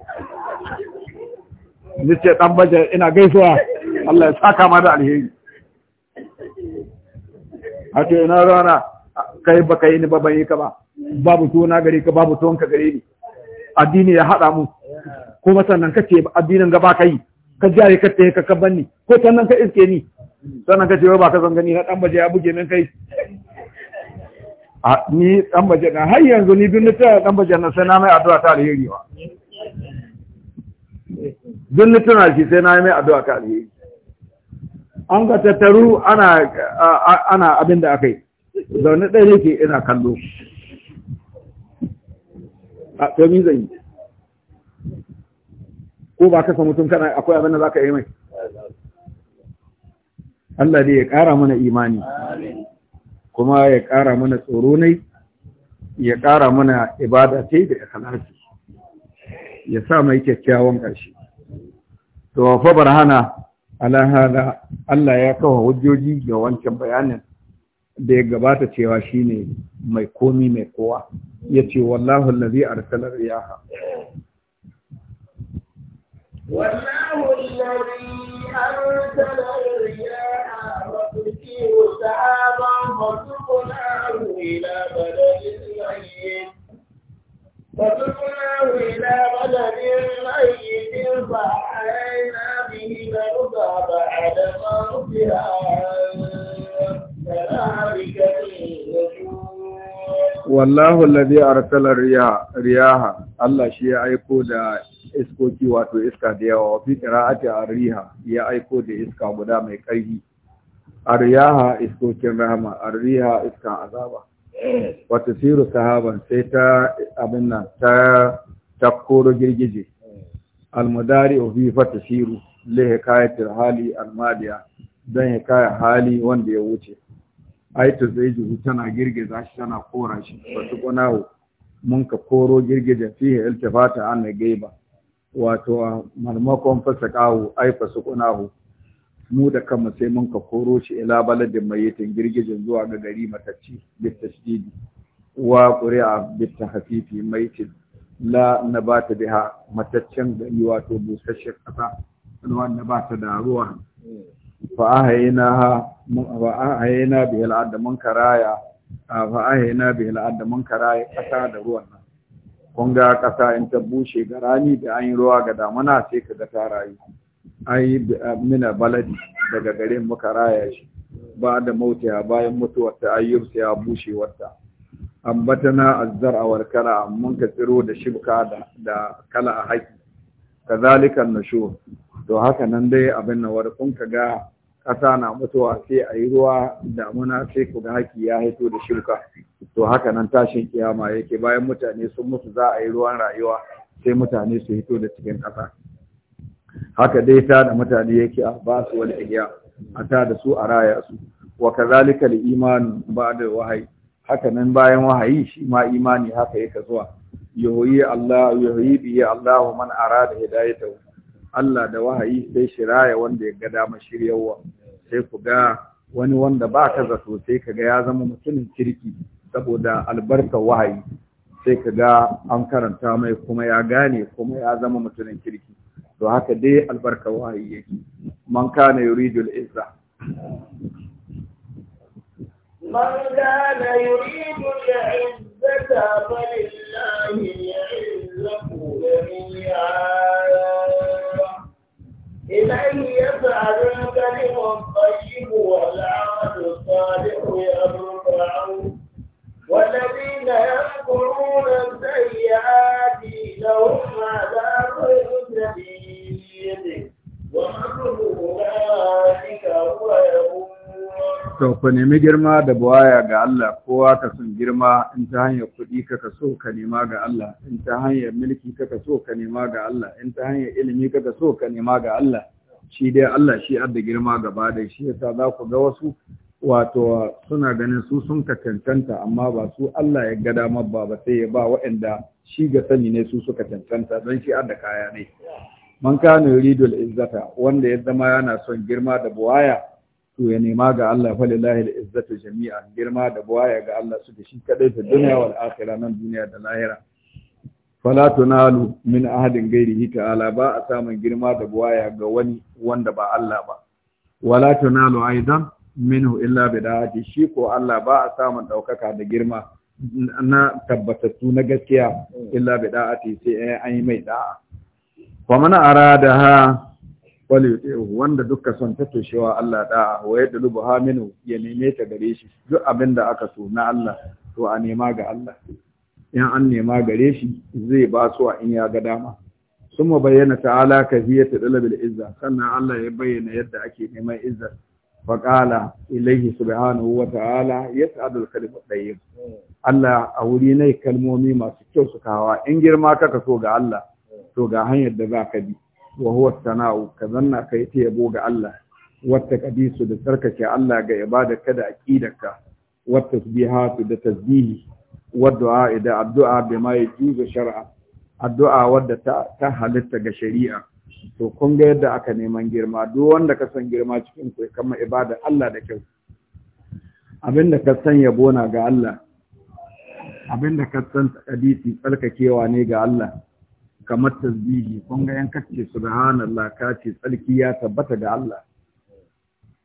A: ni ce ɗan ina gaisuwa Allah ya saka ma da alheri a ce ina rana kai ba kai ni ba ban yi ka ba babu tona gari ka babu tuwon ka gare ni addini ya haɗa mu kuma sannan kace addinin gaba ka yi ka jare ka ta ka kaban ni ko ta nan ka iske ni sannan ka ce ba ka zan gani na dan baje ya buge nan kai a ni dan baje na har yanzu ni duk ta dan baje na sai na mai addu'a ta alheri ba duk ni tana shi sai na mai addu'a ta alheri an ga tattaru ana ana abin da aka yi zaune ɗaya ne ke ina kallo a to mi zan yi ko ba kasa mutum kana akwai abin da za ka yi mai Allah dai ya ƙara mana imani kuma ya ƙara mana tsoro ne ya ƙara mana ibada ce da ya ikhlasi ya sa mai kyakkyawan ƙarshe to fa barhana ala hada Allah ya kawo hujjoji ga wancan bayanin da ya gabata cewa shine mai komi mai kowa Ya yace wallahu allazi arsala riyaha
B: والله الذي أنزل الرياح وتسير سحابا فسقناه إلى بلد ميت فسقناه إلى بلد
C: ميت
B: فأحيينا به الأرض بعد موتها كذلك
A: والله الذي أرسل الرياح رياها الله شيء يقول iskoki wato iska da yawa wa fi qira'ati ya aiko da iska guda mai ƙarfi ar-riha iskokin rahama ar-riha azaba wa siru sahaban sai ta abin nan ta takoro girgije al o fi fatasiru li hikayatil hali almadiya dan hikaya hali wanda ya wuce aitu zai jihu tana girgiza shi tana kora shi wasu kunahu mun ka koro girgiza fihe iltifata an gaiba wato marmakon kawo ai fasukunahu mu da kanmu sai mun ka koro shi ila baladin mayitin girgijin zuwa ga gari matacci bitta Sidi. wa quri'a bit mai mayitin la nabata biha mataccen gari wato busasshen kasa Wannan ba ta da ruwa fa ahayna fa karaya fa ahayna bi al'ad mun karaya kasa da ruwan kun ga ƙasa in ta bushe ga rani da an yi ruwa ga damana sai ka ga ta rayu an yi mina baladi daga garin muka raya shi ba da mautiya bayan mutuwarta ayyub sai bushewarta ambatana azzar awar kala mun ka tsiro da shibka da kala a haki kazalikan nushur to haka nan dai abin nan kun ka ga ƙasa na mutuwa sai a yi ruwa damuna sai ku ga haki ya haito da shuka to haka nan tashin kiyama yake bayan mutane sun mutu za a yi ruwan rayuwa sai mutane su hito da cikin ƙasa haka dai ta da mutane yake a ba su wani ihya a ta da su a raya su wa kazalika imani ba ba'da wahayi haka nan bayan wahayi shi ma imani haka yake zuwa yahoyi Allah yuhyi bi Allah man arada hidayatahu Allah da wahayi sai shiraya wanda ya ga dama shiryawa sai ku ga wani wanda ba ka zato sai ka ga ya zama mutumin kirki saboda albarkar wahayi sai ka ga an karanta mai kuma ya gane kuma ya zama mutumin kirki to haka dai albarkar wahayi yake man kana yuridul izza
B: من كان يريد العزة فلله العزة جميعا إليه يسعد الكلم الطيب والعمل الصالح يرفعه والذين يذكرون السيئات لهم عذاب شديد ومكر أولئك هو يقول
A: ka ku nemi girma da buwaya ga Allah kowa ka sun girma in ta hanyar kuɗi kaka so ka nema ga Allah in ta hanyar mulki kaka so ka nema ga Allah in ta hanyar ilimi kaka so ka nema ga Allah shi dai Allah shi adda girma gaba da shi yasa za ku ga wasu wato suna ganin su sun ka cancanta amma ba su Allah ya gada mabba ba ba sai ya ba waɗanda shi ga sani ne su suka cancanta don shi adda kaya ne man ridul yuridul izzata wanda ya zama yana son girma da buwaya to ya nema ga Allah fa lillahi al-izzatu jami'a girma da buwaya ga Allah su da shi kadai ta duniya wal akhirah nan duniya da lahira fala tunalu min ahadin ghairihi ta'ala ba a samun girma da buwaya ga wani wanda ba Allah ba wala tunalu aidan minhu illa bi da'ati shi ko Allah ba a samun daukaka da girma na tabbatattu na gaskiya illa bi da'ati sai an yi mai da'a fa na arada ha wal wanda duka son ta toshewa Allah da wa yadda lubuha ya neme ta gare shi duk abin da aka so na Allah to a nema ga Allah in an nema gare shi zai ba su in ya ga dama ma bayyana ta ta'ala ta talabil izza sannan Allah ya bayyana yadda ake neman izza fa qala ilayhi subhanahu wa ta'ala al kalimu tayyib Allah a wuri nai kalmomi masu kyau su kawa in girma kaka so ga Allah to ga hanyar da za ka bi wa huwa sana'u ka zanna ta ta yabo ga Allah wata kadisu da tsarkake Allah ga ka da aqidarka wata tasbihatu da tasbihi du'a da addu'a bai ma yajuzu shar'a addu'a wadda ta halitta ga shari'a to kun ga yadda aka neman girma duk wanda ka san girma cikin ku kamar ibada Allah da kyau abinda ka san yabo na ga Allah abinda ka san takadisi tsarkakewa ne ga Allah kamar tasbihi kun ga yan kace subhanallah ka ce tsarki ya tabbata ga Allah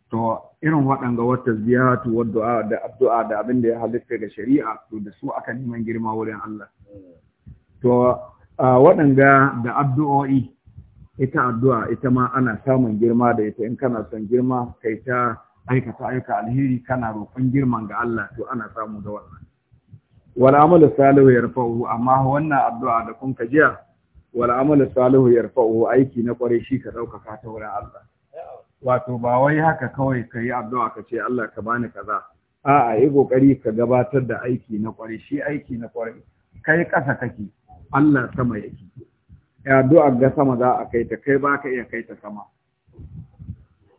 A: to irin waɗanga wata tasbihatu wa du'a da addu'a da abin da ya halitta ga shari'a to da su aka neman girma wurin Allah to waɗanga da addu'o'i ita addu'a ita ma ana samun girma da ita in kana son girma kai ta aikata aika alheri kana roƙon girman ga Allah to ana samu da wannan wal amalu salihu yarfa'u amma wannan addu'a da kun ka jiya wal amalu salihu yarfa'u aiki na kware shi ka ɗaukaka ta wurin Allah wato ba wai haka kawai ka yi addu'a ka ce Allah ka bani kaza a'a yi kokari ka gabatar da aiki na kware shi aiki na kware kai ƙasa kake Allah sama yake addu'a ga sama za a kai ta kai ba ka iya kai ta sama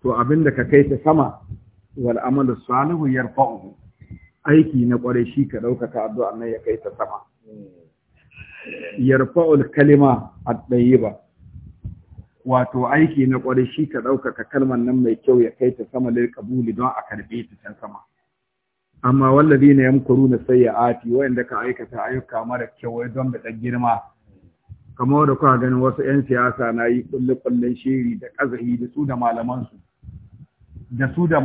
A: to abinda ka kai ta sama wal amalu salihu yarfa'u aiki na kware shi ka ɗaukaka addu'a nan ya kai ta sama yarfa'ul kalima at-tayyiba wato aiki na ƙwari shi ka ɗaukaka kalmar nan mai kyau ya kai ta sama lil kabuli don a karɓe ta can sama amma wallazi ne yamkuru na wa wanda ka aikata ayyuka mara kyau wai don da girma kamar da kuka ganin wasu 'yan siyasa na yi kulle-kullen shiri da kazahi da su da malamansu da su da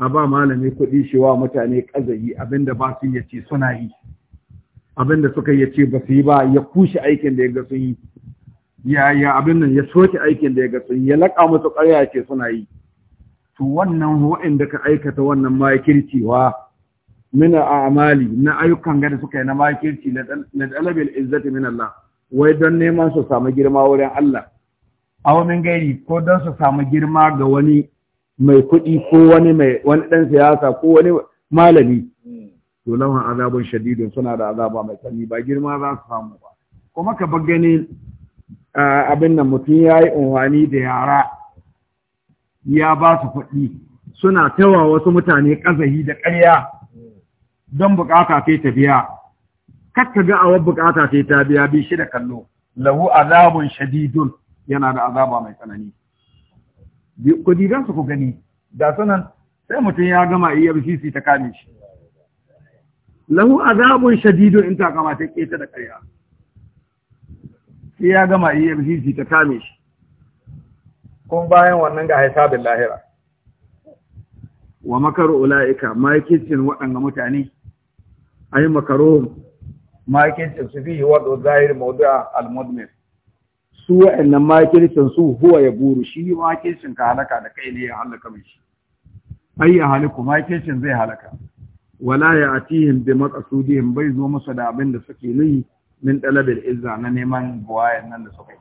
A: a ba malami kuɗi shi wa mutane ƙazahi abinda ba su yace suna yi abin da suka yi ce ba su yi ba ya kushe aikin da ya ga sun yi ya ya abin nan ya soke aikin da ya ga sun yi ya laƙa musu ƙarya ce suna yi to wannan da ka aikata wannan makircewa mina amali na ayyukan gada suka yi na makirci na dalabil izzati min Allah wai don neman su samu girma wurin Allah a wani gari ko don su samu girma ga wani mai kuɗi ko wani mai wani ɗan siyasa ko wani malami to lahun azabun shadidin suna da azaba mai tsanani ba girma za su samu ba kuma ka bar gani abin nan mutum ya yi unwani da yara ya ba su kuɗi suna tawa wasu mutane ƙazahi da ƙarya don bukata sai ta biya kakka ga awar bukata sai ta biya bi shi da kallo lahu azabun shadidun yana da azaba mai tsanani ku digan su ku gani da sanan sai mutum ya gama bisisi ta kame shi lahu azabun shadidu in ta kama ta keta da ƙarya sai ya gama EFCC ta kame shi kun bayan wannan ga hisabin lahira wa makaru ula'ika makicin waɗanga mutane a yi makarohun makicin su fi wadda zahir maudu'a al-mudmir su wa'annan makicin su huwa ya buru shi makicin ka halaka da kai ne ya halaka mai shi ai ya haliku makicin zai halaka wala ya atihim bi maqsudihim bai zo masa da abin da suke nuyi min talabil izza na neman buwayen nan da suka yi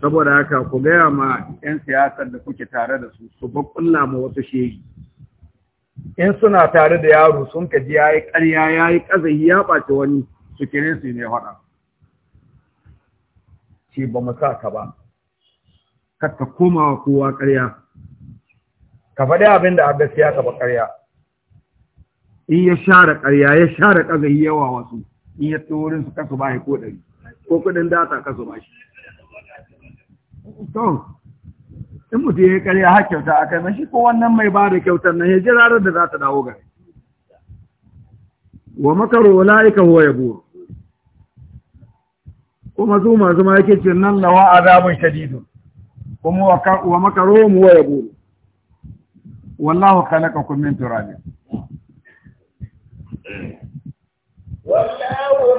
A: saboda haka ku gaya ma 'yan siyasar da kuke tare da su su bakulla ma wata shehi in suna tare da yaro sun kaji ya yi ƙarya ya yi ƙazai, ya ɓace wani su kire su ne faɗa ce ba mu sa ka ba ka koma wa kowa ƙarya ka faɗi abin da abin gaskiya ba ƙarya in ya share ƙarya ya share ƙazai yawa wasu in ya to wurin su kasu ba ko ɗari ko kuɗin data kasu ba shi to in mutum ya ƙarya har kyauta a kai mashi ko wannan mai ba da kyautar nan ya ji ranar da za ta dawo gari wa makaro la'ika huwa ya buru kuma zuma zuma yake ce nan lawa azabun shadidu kuma wa makaro mu wa ya buru wallahu khalaqakum min turabin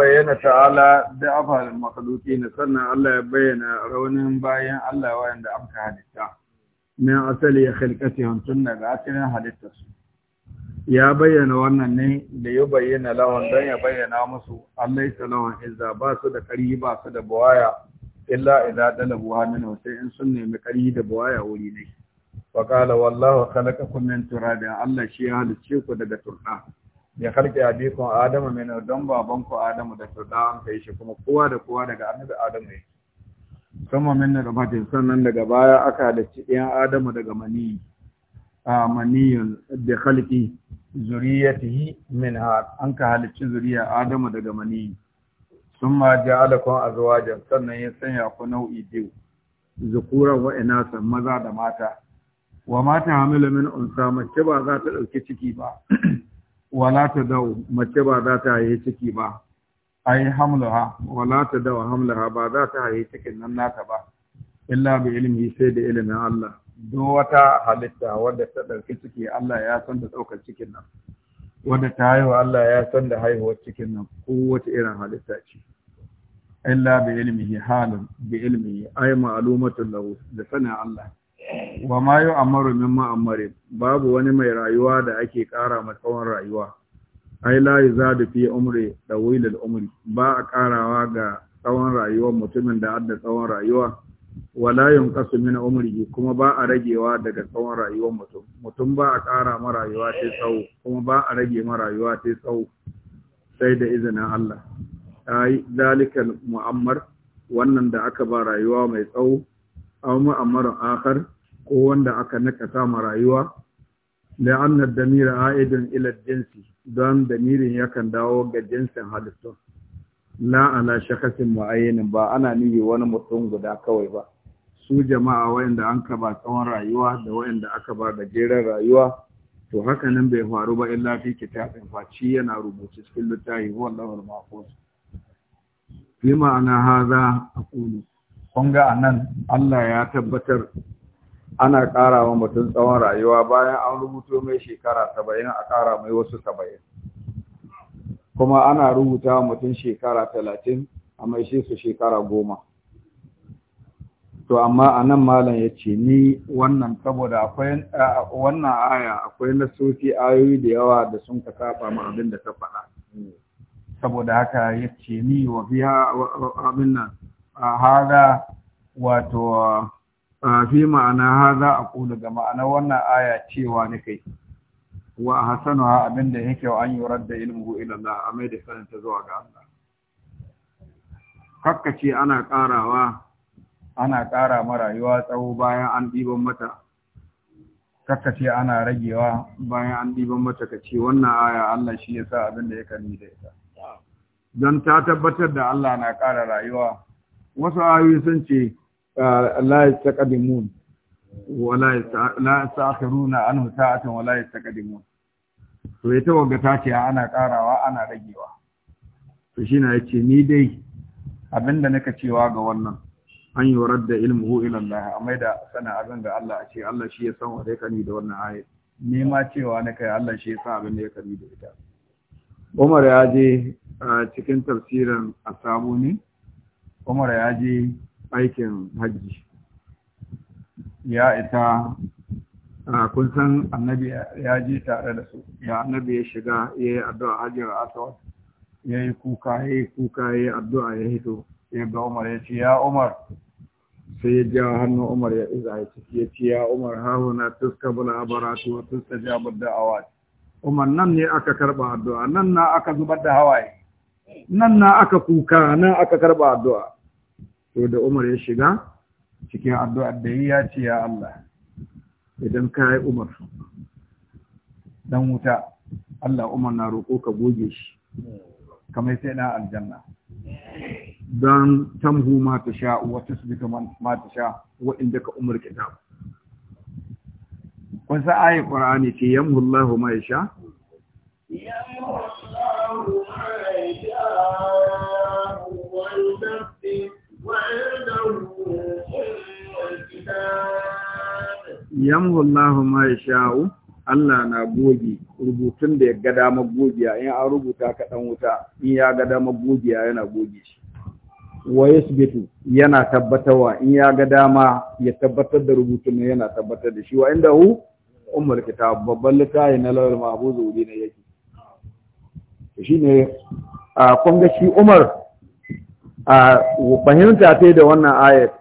A: bayyana ta'ala da afalin makaluki na sannan Allah ya bayyana raunin bayan Allah wanda amka halitta min asali ya khilkati hantun daga asirin halittarsu ya bayyana wannan ne da ya bayyana lawan don ya bayyana musu Allah ya lawan izza ba su da kari ba su da buwaya illa idza dalabuha min sai in sun nemi kari da buwaya wuri ne wa qala wallahu khalaqakum min turabin Allah shi ya halice ku daga turda ya karke abikon adamu mai don babanku adamu da turɗa an kai shi kuma kowa da kowa daga annabi adamu yake sama daga fatin sannan daga baya aka halicci ɗayan adamu daga mani a maniyun da halki zuriyatihi min ha an ka halicci zuriya adamu daga mani sun ma ja'alakum azwajan sannan ya sanya ku nau'i biyu zukura wa inasa maza da mata wa mata hamilu min unsa mace ba za ta ɗauki ciki ba wala ta dau mace ba za ta haye ciki ba ai hamlaha wala ta dau hamlaha ba za ta haye cikin nan nata ba illa bi ilimi sai da ilimin Allah duk wata halitta wadda ta ɗauki ciki Allah ya san da ɗaukar cikin nan wadda ta haihu Allah ya san da haihuwar cikin nan kowace irin halitta ce illa bi ilimi halin bi ilimi ai ma'lumatun lahu da sanin Allah wa ma yu amaru min ma'amari babu wani mai rayuwa da ake ƙara ma tsawon rayuwa ai la yuzadu fi umri dawil al umri ba a ƙarawa ga tsawon rayuwar mutumin da adda tsawon rayuwa wala yunqasu min umri kuma ba a ragewa daga tsawon rayuwar mutum mutum ba a ƙara ma rayuwa ta tsawo kuma ba a rage ma rayuwa ta tsawo sai da izinin Allah ai dalikan mu'ammar wannan da aka ba rayuwa mai tsawo aw mu'ammarun akhar ko wanda aka nika ma rayuwa da annar damira aidin ila jinsi don damirin yakan dawo ga jinsin halittun la ala shakasin mu'ayyanin ba ana nihi wani mutum guda kawai ba su jama'a wayanda an ka ba tsawon rayuwa da wayanda aka ba da gajeren rayuwa to haka nan bai faru ba illa fi kitabin faci yana rubuce cikin littafi wallahu al-mahfuz fi ma'ana haza aqulu kun ga anan Allah ya tabbatar ana ƙara wa mutum tsawon rayuwa bayan an rubuto mai shekara saba'in a ƙara mai wasu saba'in kuma ana rubuta wa mutum shekara talatin a mai shi su shekara goma to amma a nan malam ya ce ni wannan saboda akwai wannan aya akwai na nasofi ayoyi da yawa da sun ka saba ma abin da ta faɗa saboda haka ya ce ni wa biya abin nan a hada wato fi ma'ana za a kula ga ma'ana wannan aya cewa ni kai wa hasanu ha abinda yake wa an yi wurar da ilmuhu ila Allah a mai da sanin ta zuwa ga Allah hakka ce ana ƙarawa ana ƙara ma rayuwa tsawo bayan an ɗiban mata kakka ce ana ragewa bayan an ɗiban mata ka ce wannan aya Allah shi ya yasa abinda ya kalli da ita don ta tabbatar da Allah na ƙara rayuwa wasu ayoyi sun ce لا يستقدمون ولا لا yasta'khiruna anhu sa'atan ولا يستقدمون yastaqdimun to ita wagga ta ce ana karawa na ragewa to shine yace ni dai abinda naka cewa ga wannan an yi warar ilmuhu ila Allah mai da sana abin da Allah a ce Allah shi ya san wata ya kani da wannan ayat ma cewa na kai Allah shi ya san abin da ya kani da ita Umar ya je cikin tafsirin asabuni Umar ya je aikin hajji ya ita kun san annabi ya ji tare da su ya annabi ya shiga ya yi addu'a a asawar ya yi kuka ya yi kuka ya yi addu'a ya hito ya ga umar ya ce ya umar sai ya ja hannun umar ya iza ya ciki ya ce ya umar hahuna tuska bula baratu wa tuska jabar da awa umar nan ne aka karba addu'a nan na aka zubar da hawaye nan na aka kuka nan aka karba addu'a to da umar ya shiga cikin addu'ar da yi ya ce ya Allah idan ka yi umar dan wuta Allah umar na roƙo ka goge shi kamar sai na aljanna don tamhu ma ta sha wa tasbika ma ta sha wa ka umar kitab wasu ayi qur'ani ce yamhu ma yasha yamhu Allahu ma yasha'u Allah na goge rubutun da ya ga damar gogiya in an rubuta ka dan wuta in ya ga damar gogiya yana goge shi wa yasbitu yana tabbatawa? in ya ga dama ya tabbatar da rubutun yana tabbatar da shi wa inda hu ummul kitab babban littafi na lawal mahfuz wuri ne yake ne a kun ga shi Umar a fahimta ta da wannan ayat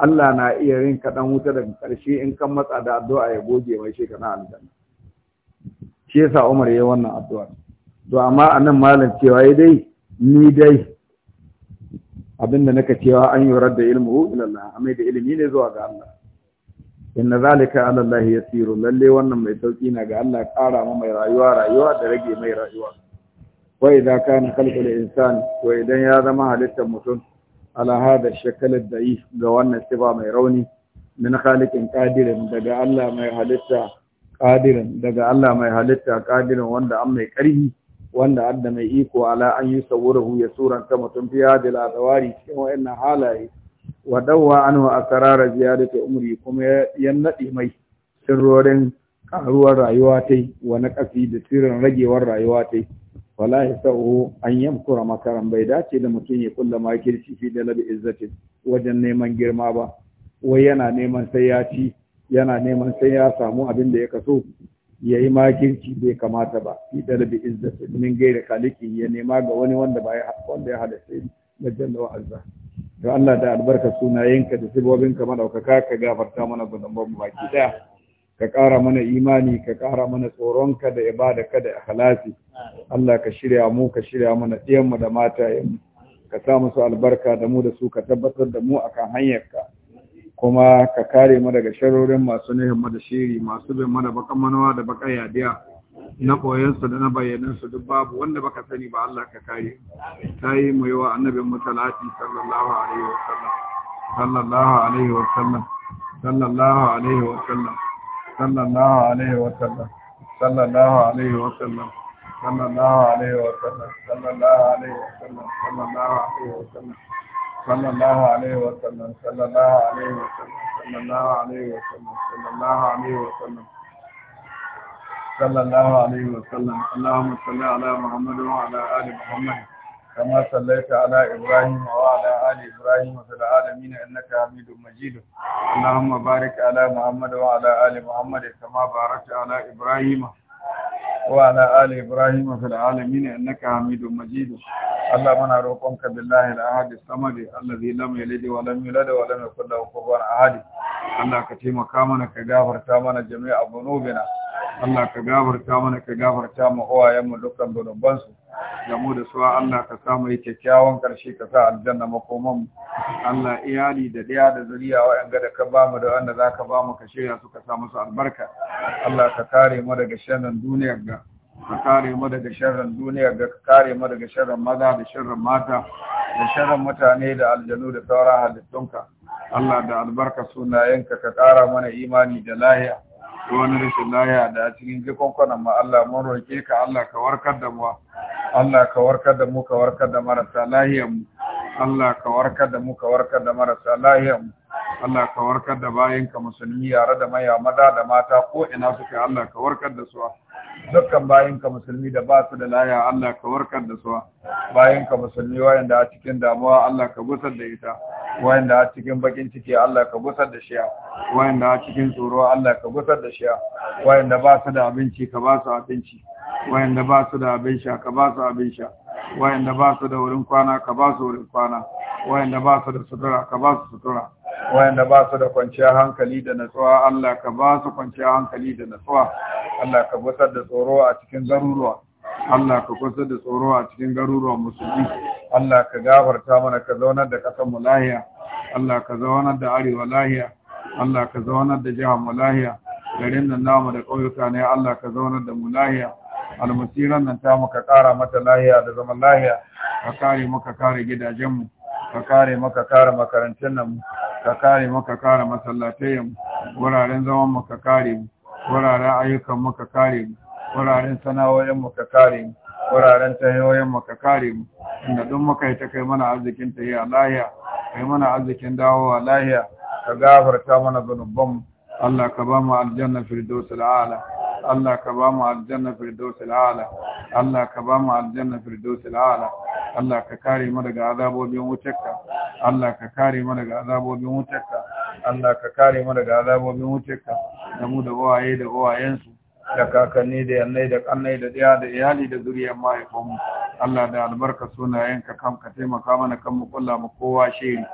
A: Allah na iya yin kaɗan wuta daga ƙarshe in kan matsa da addu'a ya goge mai shi kana aljanna shi sa Umar ya wannan addu'a to amma a nan malam cewa ya dai ni dai abinda naka cewa an yi da ilmu ila Allah amma da ilimi ne zuwa ga Allah inna zalika ala Allah tsiro, lalle wannan mai sauƙi na ga Allah ƙara ma mai rayuwa rayuwa da rage mai rayuwa za ka na kalkula insani, wai idan ya zama halittar mutum ala hada shakalin da yi ga wannan sifa mai rauni min khaliqin ƙadirin, daga Allah mai halitta qadirin daga Allah mai halitta wanda an mai ƙarfi wanda adda mai iko ala an yi sawurahu ya suranta mutum fi hadil adawari cikin wayannan halaye wa dawwa anhu asrara ziyadati umri kuma ya nadi mai sirrorin karuwar rayuwa tai wa naqasi da sirrin ragewar rayuwa tai wala yasau an yamkura makaran bai dace da mutum ya kulla makirci fi da labi izzati wajen neman girma ba wai yana neman sai ya ci yana neman sai ya samu abin da ya kaso ya yi makirci bai kamata ba fi da labi izzati min gaira kaliki ya nema ga wani wanda ba wanda ya halatta da jalla wa azza to Allah da albarka sunayenka da sibobinka madaukaka ka gafarta mana gudan baki daya ka ƙara mana imani ka ƙara mana tsoronka da ka da ikhlasi Allah ka shirya mu ka shirya mana mu da matayenmu ka sa musu albarka da mu da su ka tabbatar da mu akan hanyar ka. kuma ka kare mu daga sharorin masu nihin da shiri masu bin mana bakan manawa da bakan yadiya na su da na su duk babu wanda baka sani ba Allah ka kare ta yi mu yi wa annabin mu salati sallallahu alaihi wa sallam sallallahu alaihi wa sallam sallallahu alaihi wa sallam sallallahu alaihi wasallam sallallahu alaihi wasallam sallallahu alaihi wasallam sallallahu alaihi wasallam sallallahu alaihi wasallam sallallahu alaihi wasallam sallallahu alaihi wasallam sallallahu alaihi wasallam sallallahu alaihi wasallam صلى الله عليه وسلم اللهم صل ala محمد وعلى كما صليت على إبراهيم وعلى آل إبراهيم في العالمين إنك حميد مجيد اللهم بارك على محمد وعلى آل محمد كما باركت على إبراهيم وعلى آل إبراهيم في العالمين إنك حميد مجيد اللهم أنا روقك بالله الأحد الصمد الذي لم يلد ولم يولد ولم يكن له كفوا أحد الله كتيما كامنا كغافر تامنا جميع ذنوبنا الله كغافر تامنا كغافر تام أوايا ملكا بنبانسو da mu da suwa Allah ka samu yi kyakkyawan ƙarshe ka sa aljanna makoman Allah iyali da ɗaya da zuriya wa'yan da ka ba mu da wanda za ka ba mu ka shirya su ka sa musu albarka Allah ka kare mu daga shirin duniyar ga ka kare mu daga shirin duniyar ga ka kare mu daga shirin maza da shirin mata da shirin mutane da aljanu da sauran halittunka Allah da albarka sunayenka ka kara mana imani da lahiya wani rashin laya da cikin jikunkunan mu Allah mun roƙe ka Allah ka warkar da mu Allah ka warkar da da marasa lahiyar mu Allah ka warkar da mu ka warkar da marasa lahiyar mu Allah ka warkar da bayanka musulmi yare da maya maza da mata ko ina suka Allah ka warkar da su dukkan bayanka musulmi da ba su da laya Allah ka warkar da su bayanka musulmi wayanda a cikin damuwa Allah ka gusar da ita wayanda a cikin bakin ciki Allah ka gusar da shi wayanda a cikin tsoro Allah ka gusar da shi wayanda ba su da abinci ka ba su abinci wayanda ba su da abin sha ka ba su abin sha wayanda ba su da wurin kwana ka ba su wurin kwana wayanda ba su da sutura ka ba su sutura wayanda ba su da kwanciyar hankali da natsuwa Allah ka ba su kwanciyar hankali da natsuwa Allah ka gusar da tsoro a cikin garuruwa Allah ka kusa da tsoro a cikin garuruwan musulmi Allah ka gafarta mana ka zaunar da ƙasar mu lahiya Allah ka zaunar da arewa lahiya Allah ka zaunar da jihar mu lahiya garin nan namu da ƙauyuka ne Allah ka zaunar da mu lahiya almasiran nan ta muka kara mata lahiya da zaman lahiya ka kare muka kare gidajenmu ka kare maka kare makarantun nan ka kare maka kare masallatayen wuraren zaman mu ka kare mu wuraren ayyukan mu ka kare mu wuraren sana'o'in mu ka kare mu wuraren tahiyoyin mu ka kare mu inda duk muka yi ta kai mana arzikin a lahiya kai mana arzikin dawowa lahiya ka gafarta mana zanubanmu Allah ka ba mu aljanna firdausul a'la Allah ka ba mu aljanna firdausil ala Allah ka ba mu aljanna firdausil ala Allah ka kare mu daga azabobin wutarka Allah ka kare mu daga azabobin Allah ka kare mu daga azabobin da mu da waye da da kakanni da yannai da kannai da daya da iyali da zuriyar mahaifinmu Allah da albarka sunayenka kam ka taimaka mana kan mu kulla mu kowa shiri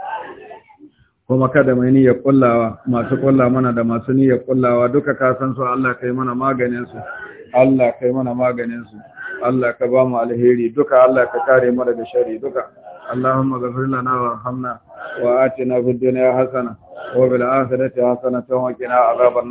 A: kuma kada mai niyyar kullawa masu kulla mana da masu niyyar kullawa duka ka san su Allah kai mana maganin su Allah kai mana maganin su Allah ka ba mu alheri duka Allah ka kare mu daga shari duka Allahumma ghfir lana warhamna wa atina fid dunya hasana wa bil akhirati hasana wa qina adhaban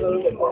C: Thank you.